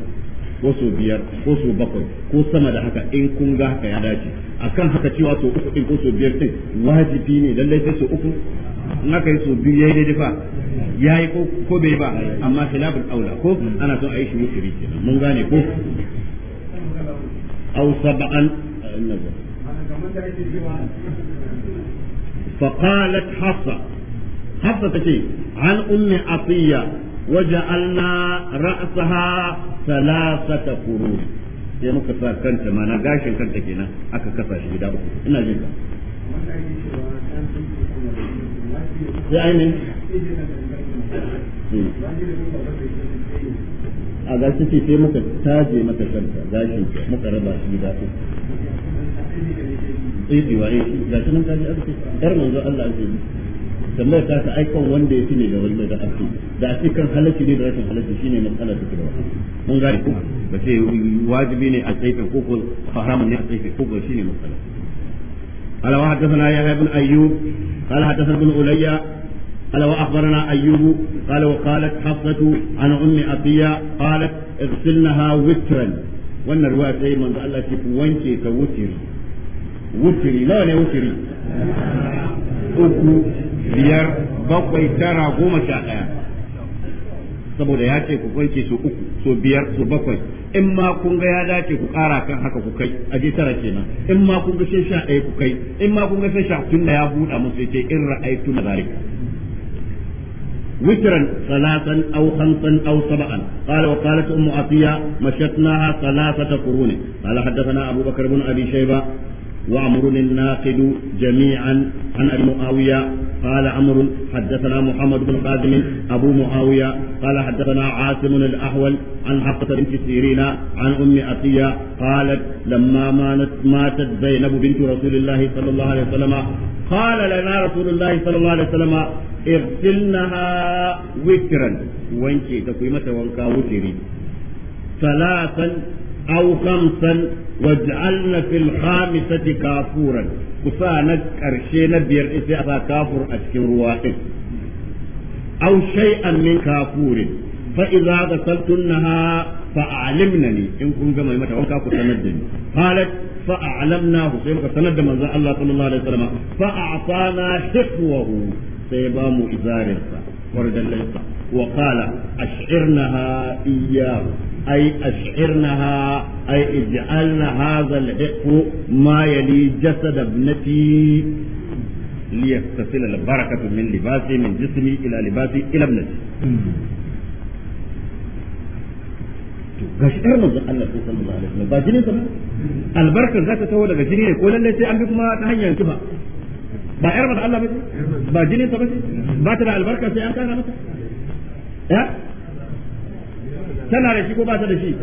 ko so biyar ko so bakwai ko sama da haka in kun ga haka ya dace akan haka cewa so uku din ko so biyar din wajibi ne lallai sai so uku in aka yi so biyu yi daidai ba yayi ko ko bai ba amma khilafin aula ko ana son a yi shi wuturi kenan mun gane ko aw sab'an فقالت hafsa حفصة ce an ummi عطية وجعلنا رأسها ثلاثة قرون sai muka sa kanta mana gashin kanta kenan aka kasa shi gida uku ina jin ka sai ainihin hmm. a gashi ce sai muka taje mata kanta gashi muka raba shi gida uku ɗaya nan kaji manzo sannan ta ta aikon wanda ya fi ne da wani da ake da a cikin halacci ne da rashin halacci shine matsalar da kuma mun gane ko ba ce wajibi ne a tsaife ko ko haramun ne a tsaife ko ko shine matsalar قال وحدثنا يحيى بن ايوب قال حدثنا ابن علي قال واخبرنا ايوب قال وقالت حفصه عن ام عطيه قالت اغسلنها وترا wannan ruwa ta yi manzo Allah ce ku wanke ta wutiri nawa ne uku biyar bakwai tara goma sha ɗaya saboda ya ce ku wanke su uku so biyar so bakwai in ma kun ga ya dace ku ƙara kan haka ku kai a je tara kenan in ma kun ga sai sha ɗaya ku kai in ma kun ga sai sha tunda ya buɗa musu ce in ra'aytu zalika وترا ثلاثا او خمسا او سبعا قال وقالت ام عطيه مشتناها ثلاثه قرون قال حدثنا ابو بكر بن ابي شيبه وعمر الناقد جميعا عن ابي قال عمرو حدثنا محمد بن قاسم أبو معاوية قال حدثنا عاصم الأحول عن حقة بنت سيرين عن أم أطية قالت لما ماتت, ماتت زينب بنت رسول الله صلى الله عليه وسلم قال لنا رسول الله صلى الله عليه وسلم اغسلنها وترا وانكي تقيمة وانكا وتري ثلاثا أو خمسا واجعلن في الخامسة كافورا Kusa na ƙarshe na biyar ɗin sai a sa kafur a cikin ruwa ɗin aw shay'an min kafurin fa idza ghasaltunha fa ne in kun gama mata wanka ku sanar da ni qalat fa a'lamnahu sai muka sanar da manzan. Allah sallallahu alaihi wasallam fa a'tana hiqwahu sai ba mu izarinsa wardan laysa wa qala ash'irnaha iyyahu أي أشعرنها أي اجعلن هذا العق ما يلي جسد ابنتي ليتصل البركة من لباسي من جسمي إلى لباسي إلى ابنتي ga shi Allah sai sallallahu alaihi wasallam ba jinin ba Albarka za ta taho daga jini ne ko lalle sai an bi kuma ta hanyar kifa ba ƴar manzon Allah ba ba jinin ba ba ta da albarka sai an kara mata ya tana da shi ko ba ta da shi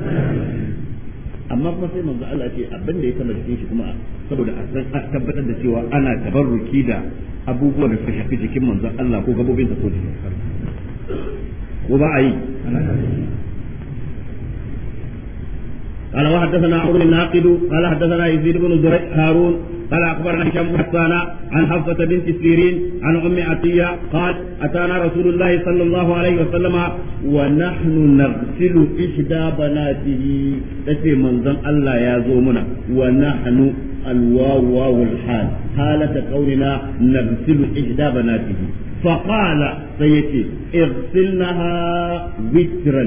amma kuma sai manzo Allah ce abin da ya kama jikin shi kuma saboda a san tabbatar da cewa ana tabarruki da abubuwan da suka shafi jikin manzo Allah ko gabobin ta ko ko ba a yi قال وحدثنا عمرو الناقد قال حدثنا يزيد بن هارون قال اخبرنا هشام بن حسان عن حفصه بنت سيرين عن ام عطيه قال اتانا رسول الله صلى الله عليه وسلم ونحن نغسل احدى بناته تتي منزل الله يا زومنا ونحن الواو واو الحال حالة قولنا نغسل إحدى بناته فقال سيتي اغسلنها وترا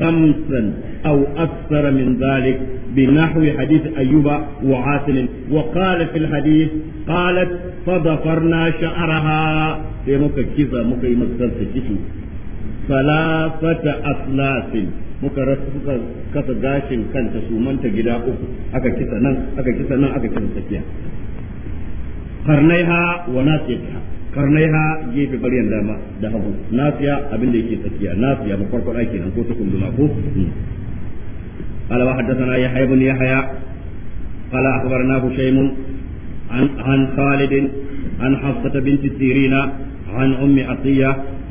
خمسا أو أكثر من ذلك بنحو حديث أيوب وعاصم وقال في الحديث قالت فضفرنا شعرها في مكة مكة مكة ثلاثة أثلاث muka rasu kasa gashin kanta su manta gida uku aka kisa nan aka kisa nan aka kisa tsakiya karnaiha wa nasiyatha karnai ha gefe baryan dama da hagu nasiya abin da yake tsakiya nasiya ba farko ɗaki nan ko tukun duma ko alawa haddasana ya haibu an han khalidin an hafsata binti sirina an ummi asiya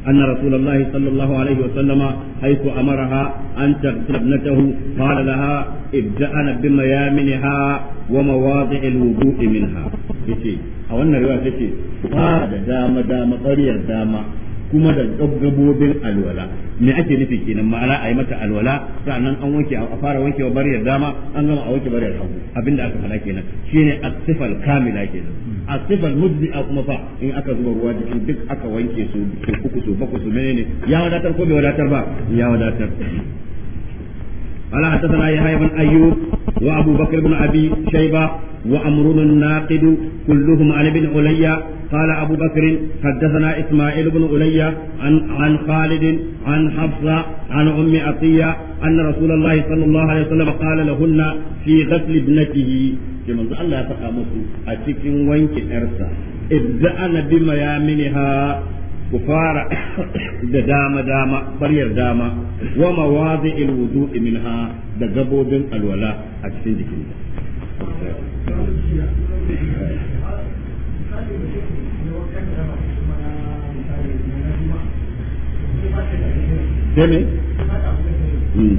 أن رسول الله صلى الله عليه وسلم حيث أمرها fara da dama dama ƙaryar dama kuma da gabobin alwala me ake nufi kenan ma'ana a yi mata alwala nan an wanke a fara wanke wa bariyar dama an gama a wanke bariyar hagu abinda aka fara kenan shine asifal kamila kenan asifal a kuma fa in aka zuba ruwa jikin duk aka wanke su uku su bakwai su menene ya wadatar ko bai wadatar ba ya wadatar قال حدثنا يحيى بن ايوب وابو بكر بن ابي شيبه وامر الناقد كلهم عن ابن علي قال ابو بكر حدثنا اسماعيل بن علي عن عن خالد عن حفصه عن ام عطيه ان رسول الله صلى الله عليه وسلم قال لهن في غسل ابنته كما الله تقامته اتيكم وينك ارسل ابدأنا بميامنها ku fara da dama dama baryar dama wa mawadi'il wudu'i minha da gabobin alwala a cikin jikin Deme? Mm.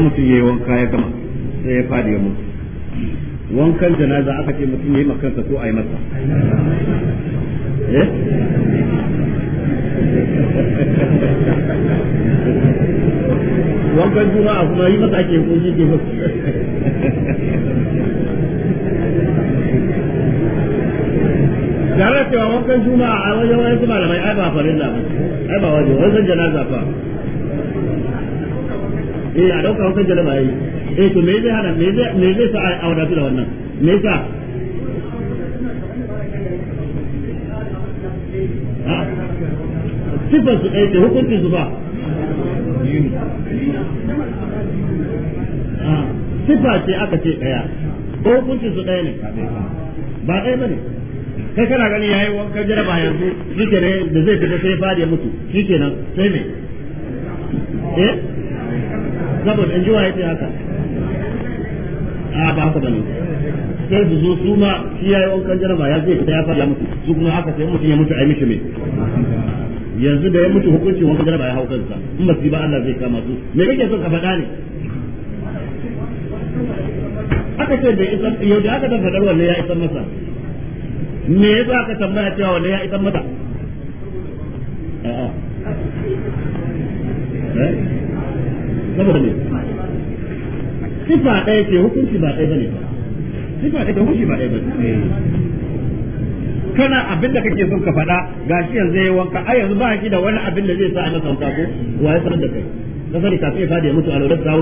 mutum yayi wanka ya gama. sai ya fadi ya mutu wankan janaza aka ce mutum yayi makansa ko ayi masa eh? wankan juna a kuma yi masa ake ko shi ke tare cewa wankan juna a wajen wani kuma da mai aiba farilla ba aiba wajen wajen janaza fa eh a dauka wankan janaza yi eh to me zai hana me zai sa a wada su da wannan me sa sifar su ɗaya ce hukuncin su ba sifa ce aka ce ɗaya ko hukuncin su ɗaya ne ba ɗaya ba ne kai kana gani ya yi wankan jaraba yanzu shi ke ne da zai fita sai fadi ya mutu shi ke nan sai ne eh saboda in ji wa ya ce haka a ba haka sai su zo su jaraba ya zai ya fara mutu su kuma mutu mishi yanzu da ya mutu jaraba ya hau kansa in ba ba Allah zai kama su me kake son ka faɗa aka ce bai isa yau da aka dan faɗar wanne ya isa masa me yasa aka tambaya cewa wanne ya isa masa a'a ne eh? sifa ɗaya ce hukunci ba ɗaya bane sifa ɗaya hukunci ba ɗaya bane kana abin da kake son ka faɗa shi yanzu yayi wanka ai yanzu ba shi da wani abin da zai sa a masa wanka ko wa ya da kai na sani kafin ya fadi ya mutu a lura da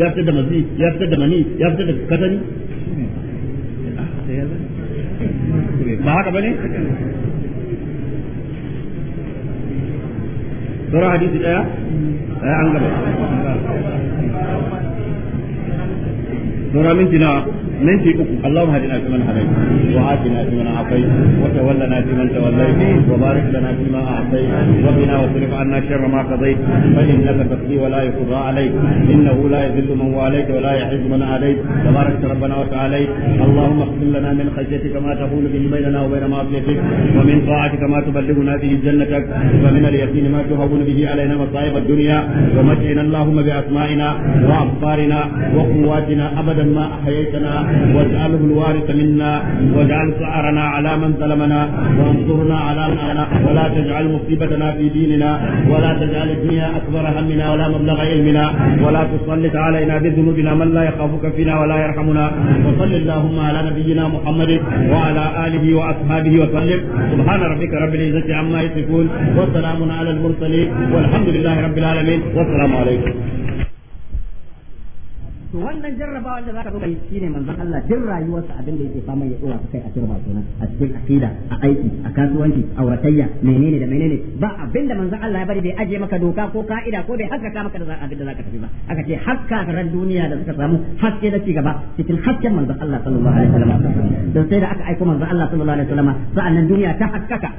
ya fitar da mazi ya fitar da mani ya fitar da katani ba haka bane Sura hadisi daya Ɗaya an gaba. mun aminci na nan ce uku Allahumma hadina fi man hadayt wa atina fi man afayt wa tawallana fi man tawallayt wa barik lana ma wa wa sirif anna sharra ma qadayt fa innaka taqdi wa la yuqda alayk innahu la yadhillu man walayt wa la man adayt tabarak rabbana wa ta'ala Allahumma واجعله الوارث منا واجعل ثأرنا على من ظلمنا وانصرنا على من ولا تجعل مصيبتنا في ديننا ولا تجعل الدنيا أكبر همنا ولا مبلغ علمنا ولا تسلط علينا بذنوبنا من لا يخافك فينا ولا يرحمنا وصل اللهم على نبينا محمد وعلى آله وأصحابه وسلم سبحان ربك رب العزة عما يصفون وسلام على المرسلين والحمد لله رب العالمين والسلام عليكم to wannan jarrabawa da zaka rubuta shine manzon Allah jin rayuwarsa abin da yake fama ya dora kai a turba kenan a cikin akida a aiki a kasuwanci a watayya menene da menene ba abin da manzon Allah ya bari bai aje maka doka ko ka'ida ko bai haskaka maka da abin da zaka tafi ba aka ce haska ran duniya da suka samu haske da cigaba cikin hasken manzon Allah sallallahu alaihi wasallam don sai da aka aika manzon Allah sallallahu alaihi wasallam sa'annan duniya ta haskaka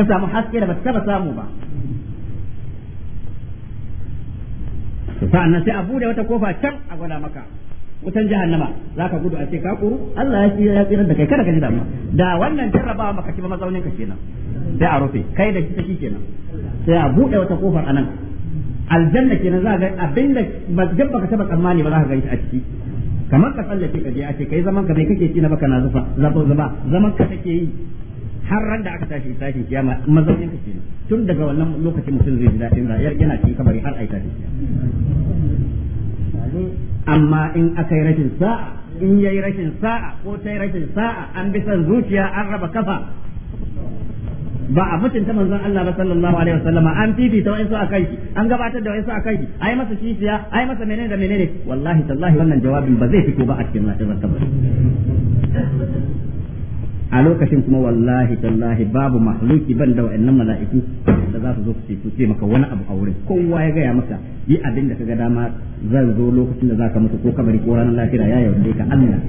ta samu haske da ba ta samu ba sa'annan sai a bude wata kofa can a gwada maka wutan jahannama za ka gudu a ce ka kuru Allah ya ce ya tsira da kai kada ka ji damuwa da wannan jarrabawa maka ci ba mazaunin ka kenan sai a rufe kai da shi take kenan sai a bude wata kofar anan aljanna kenan za ga abinda ba baka taba tsammani ba za ka ganshi a ciki kamar ka tsallake ka je a ce kai zaman ka bai kake ci na baka na zufa zaba zaman ka take yi har ran da aka tashi tashi kiyama mazaunin ka kenan tun daga wannan lokacin mutum zai ji daɗin rayuwar yana cikin kamar har aika shi amma in aka yi rashin sa'a in yayi rashin sa'a ko ta yi rashin sa'a an bi son zuciya an raba kafa ba a mutunta manzon Allah ba sallallahu alaihi wasallama an fifita wa'insu a kai an gabatar da wa'insu a kai ai masa kishiya ai masa menene da menene wallahi tallahi wannan jawabin ba zai fito ba a cikin lafiyar kabari a lokacin kuma wallahi tallahi babu mahluki ban da wa'annan mala'iku da za su zo su su maka wani abu a wurin kowa ya gaya masa yi abin da kaga dama zan zo lokacin da za ka mutu ko kabari ko ranar lafiya ya yarda ka Allah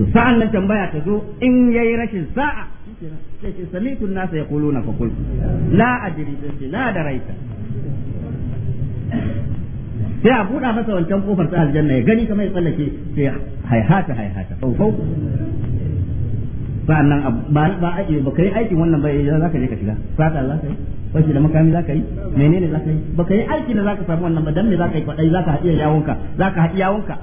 to sa'an nan tambaya ta zo in yayi rashin sa'a ce nasa fa la la sai a buɗa masa wancan kofar ta aljanna ya gani kamar ya tsallake sai haihata haihata faufau sa'annan ba ba ake ba kai aikin wannan bai eh, za ka je ka shiga sata za ka yi fashi da makami za ka yi menene za ka yi ba kai aikin da za ka samu wannan ba dan me za ka yi kwadai za ka haɗiya yawunka za ka haɗi yawunka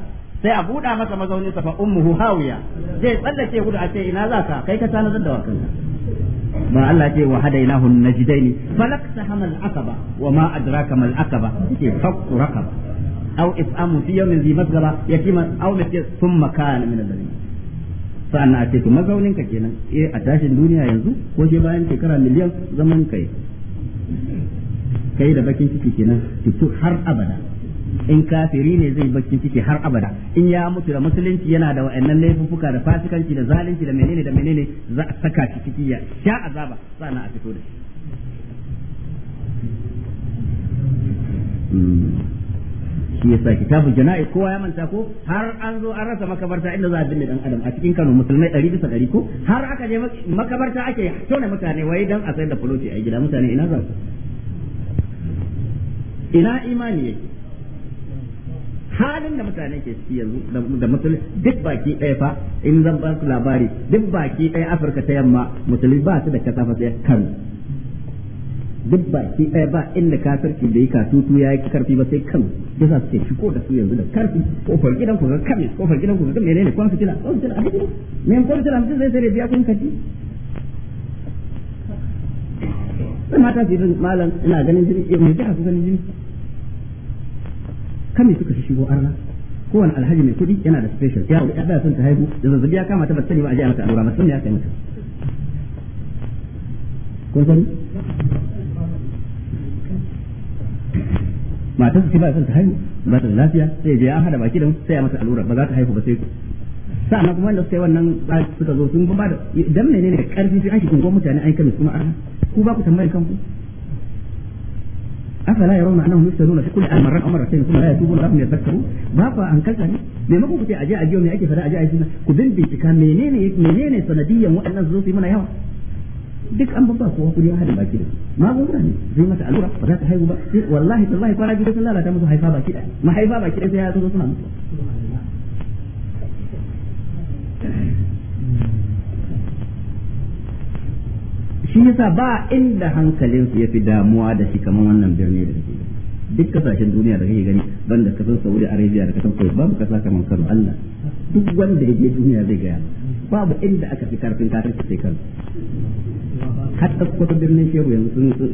sai a buɗa masa mazaunin sa fa ummuhu hawiya zai tsallake gudu a ce ina za ka kai ka tana da wakanka ba Allah ce wa hadainahu najdaini falak al akaba wa ma adraka mal akaba ke fakku raqaba aw is'amu fi yawmin zi masgaba yakima aw miskin thumma kana min al-ladhin a ce to mazaunin ka kenan eh a tashin duniya yanzu ko shi bayan shekara miliyan zaman kai kai da bakin ciki kenan ki har abada in kafiri ne zai bakin ciki har abada in ya mutu da musulunci yana da wa'annan laifuka da fasikanci da zalunci da menene da menene za a saka shi ciki ya sha azaba sannan a fito da shi hmm. shi yasa kitabu jana'i kowa ya manta ko har an zo an rasa makabarta inda za a binne dan adam a cikin Kano musulmai ɗari bisa ɗari ko har aka je makabarta ake tona mutane wai dan a sayar da fulofi a gida mutane ina za su ina imani yake halin da mutane ke ciki yanzu da musulmi duk baki ɗaya fa in zan ba su labari duk baki ɗaya afirka ta yamma musulmi ba su da kasafa sai kan duk baki ɗaya ba inda kafirci da yi kasutu ya yi karfi ba sai kan yasa suke shigo da su yanzu da karfi kofar gidan ku ga kame kofar gidan ku ga kame ne kwan fitila kwan fitila a hajji ne kwan tila mutum zai sai biya kun kaci sai mata su yi malam ina ganin jini eh, mai jihar su ganin jini kame suka shigo arna kowane alhaji mai kuɗi yana da special ya wuce da son ta haihu da zazzabi ya kama ta ba sani ba a ji alka alura ba sani ya kai mata ko sani matar su ce ba son ta haihu ba ta lafiya sai je ya hada baki da sai ya mata alura ba za ta haihu ba sai sa'an kuma wanda suka yi wannan suka zo sun ba da dan menene karfi sai an shi kungon mutane an kame kuma arna ku ba ku tambayar kanku afala yarawna annahum yusalluna fi kulli amrin aw marratayn thumma la yatubuna lahum yadhakkarun ba fa an kalta ne me mako kuce aje ake fada aje aje ku bin bincika menene menene sanadiyan waɗannan mana yawa duk an babba kowa kudi haihu ba wallahi tallahi fara gidan sun lalata musu haifa baki da mahaifa baki da sai ya zo shi yasa ba inda hankalin su yafi damuwa da shi kamar wannan birni da take duk kasashen duniya da kake gani banda kasan Saudi Arabia da kasan Kuwait babu kasa kamar Kano Allah duk wanda ya je duniya zai gaya babu inda aka fi karfin kafin sai Kano har ɗauko birnin shehu yanzu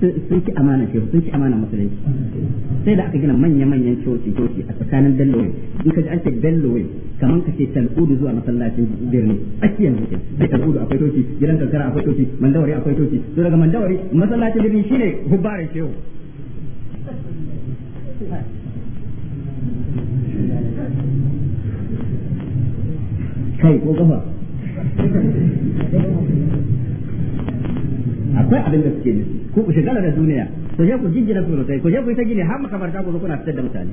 sun ci amana shehu sun ci amana musulunci sai da aka gina manya-manyan coci coci a tsakanin dalloway in ka ji an ce dalloway kamar ka ce tal'udu zuwa masallacin birni yanzu ke sai tal'udu akwai coci gidan kankara akwai coci mandawari akwai coci to daga mandawari masallacin birni shine hubbarin shehu kai ko gafa akwai abin da suke nufi ko ku shigala da duniya ku je ku jijjira sosai ku je ku yi ta gini har makabarta ku zo kuna fitar da mutane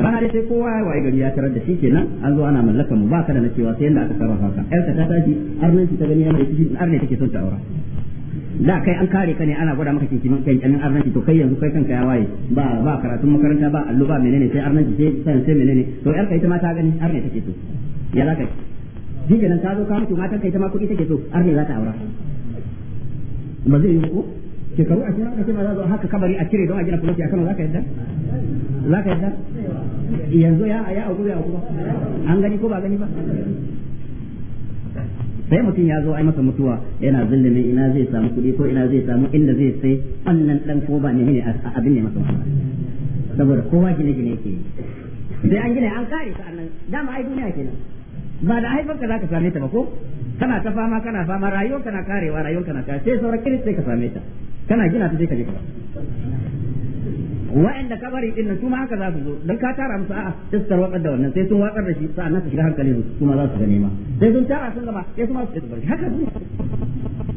ranar sai kowa ya waye gari ya tarar da shi kenan an zo ana mallaka mu baka da na cewa sai yanda aka sarrafa ka ƴar ta tashi arnin ta gani yana da kishi arne take son ta aura da kai an kare ka ne ana gwada maka kan kankanin arnanci to kai yanzu kai kanka ya waye ba ba karatun makaranta ba allo ba menene sai arnanci sai san sai menene to kai ta ma ta gani arne take so ya zaka shi kenan ta zo ka mutu matan kai ta ma kudi take so arne za ta aura ba zai yi ko shekaru a aka ba za haka a a gina a kano za ya sai mutum ya zo ai masa mutuwa yana zulumi ina zai samu kuɗi ko ina zai samu inda zai sai wannan ɗan ko ba ne ne abin ne masa saboda kowa gine gine yake sai an gina an kare sa'annan dama ai duniya kenan ba da haifar ka za ka same ta ba ko kana ta fama kana fama rayuwar kana karewa rayuwar kana kare sai saurar kiris sai ka same ta kana gina ta sai ka je ka wa'anda kabari din su haka za su zo dan ka tara musu a'a sai su tarwatsar da wannan sai sun watsar da shi sa'an nan su shiga hankalin su ma za su gane nema sai sun tara sun gaba sai su ma su tafi haka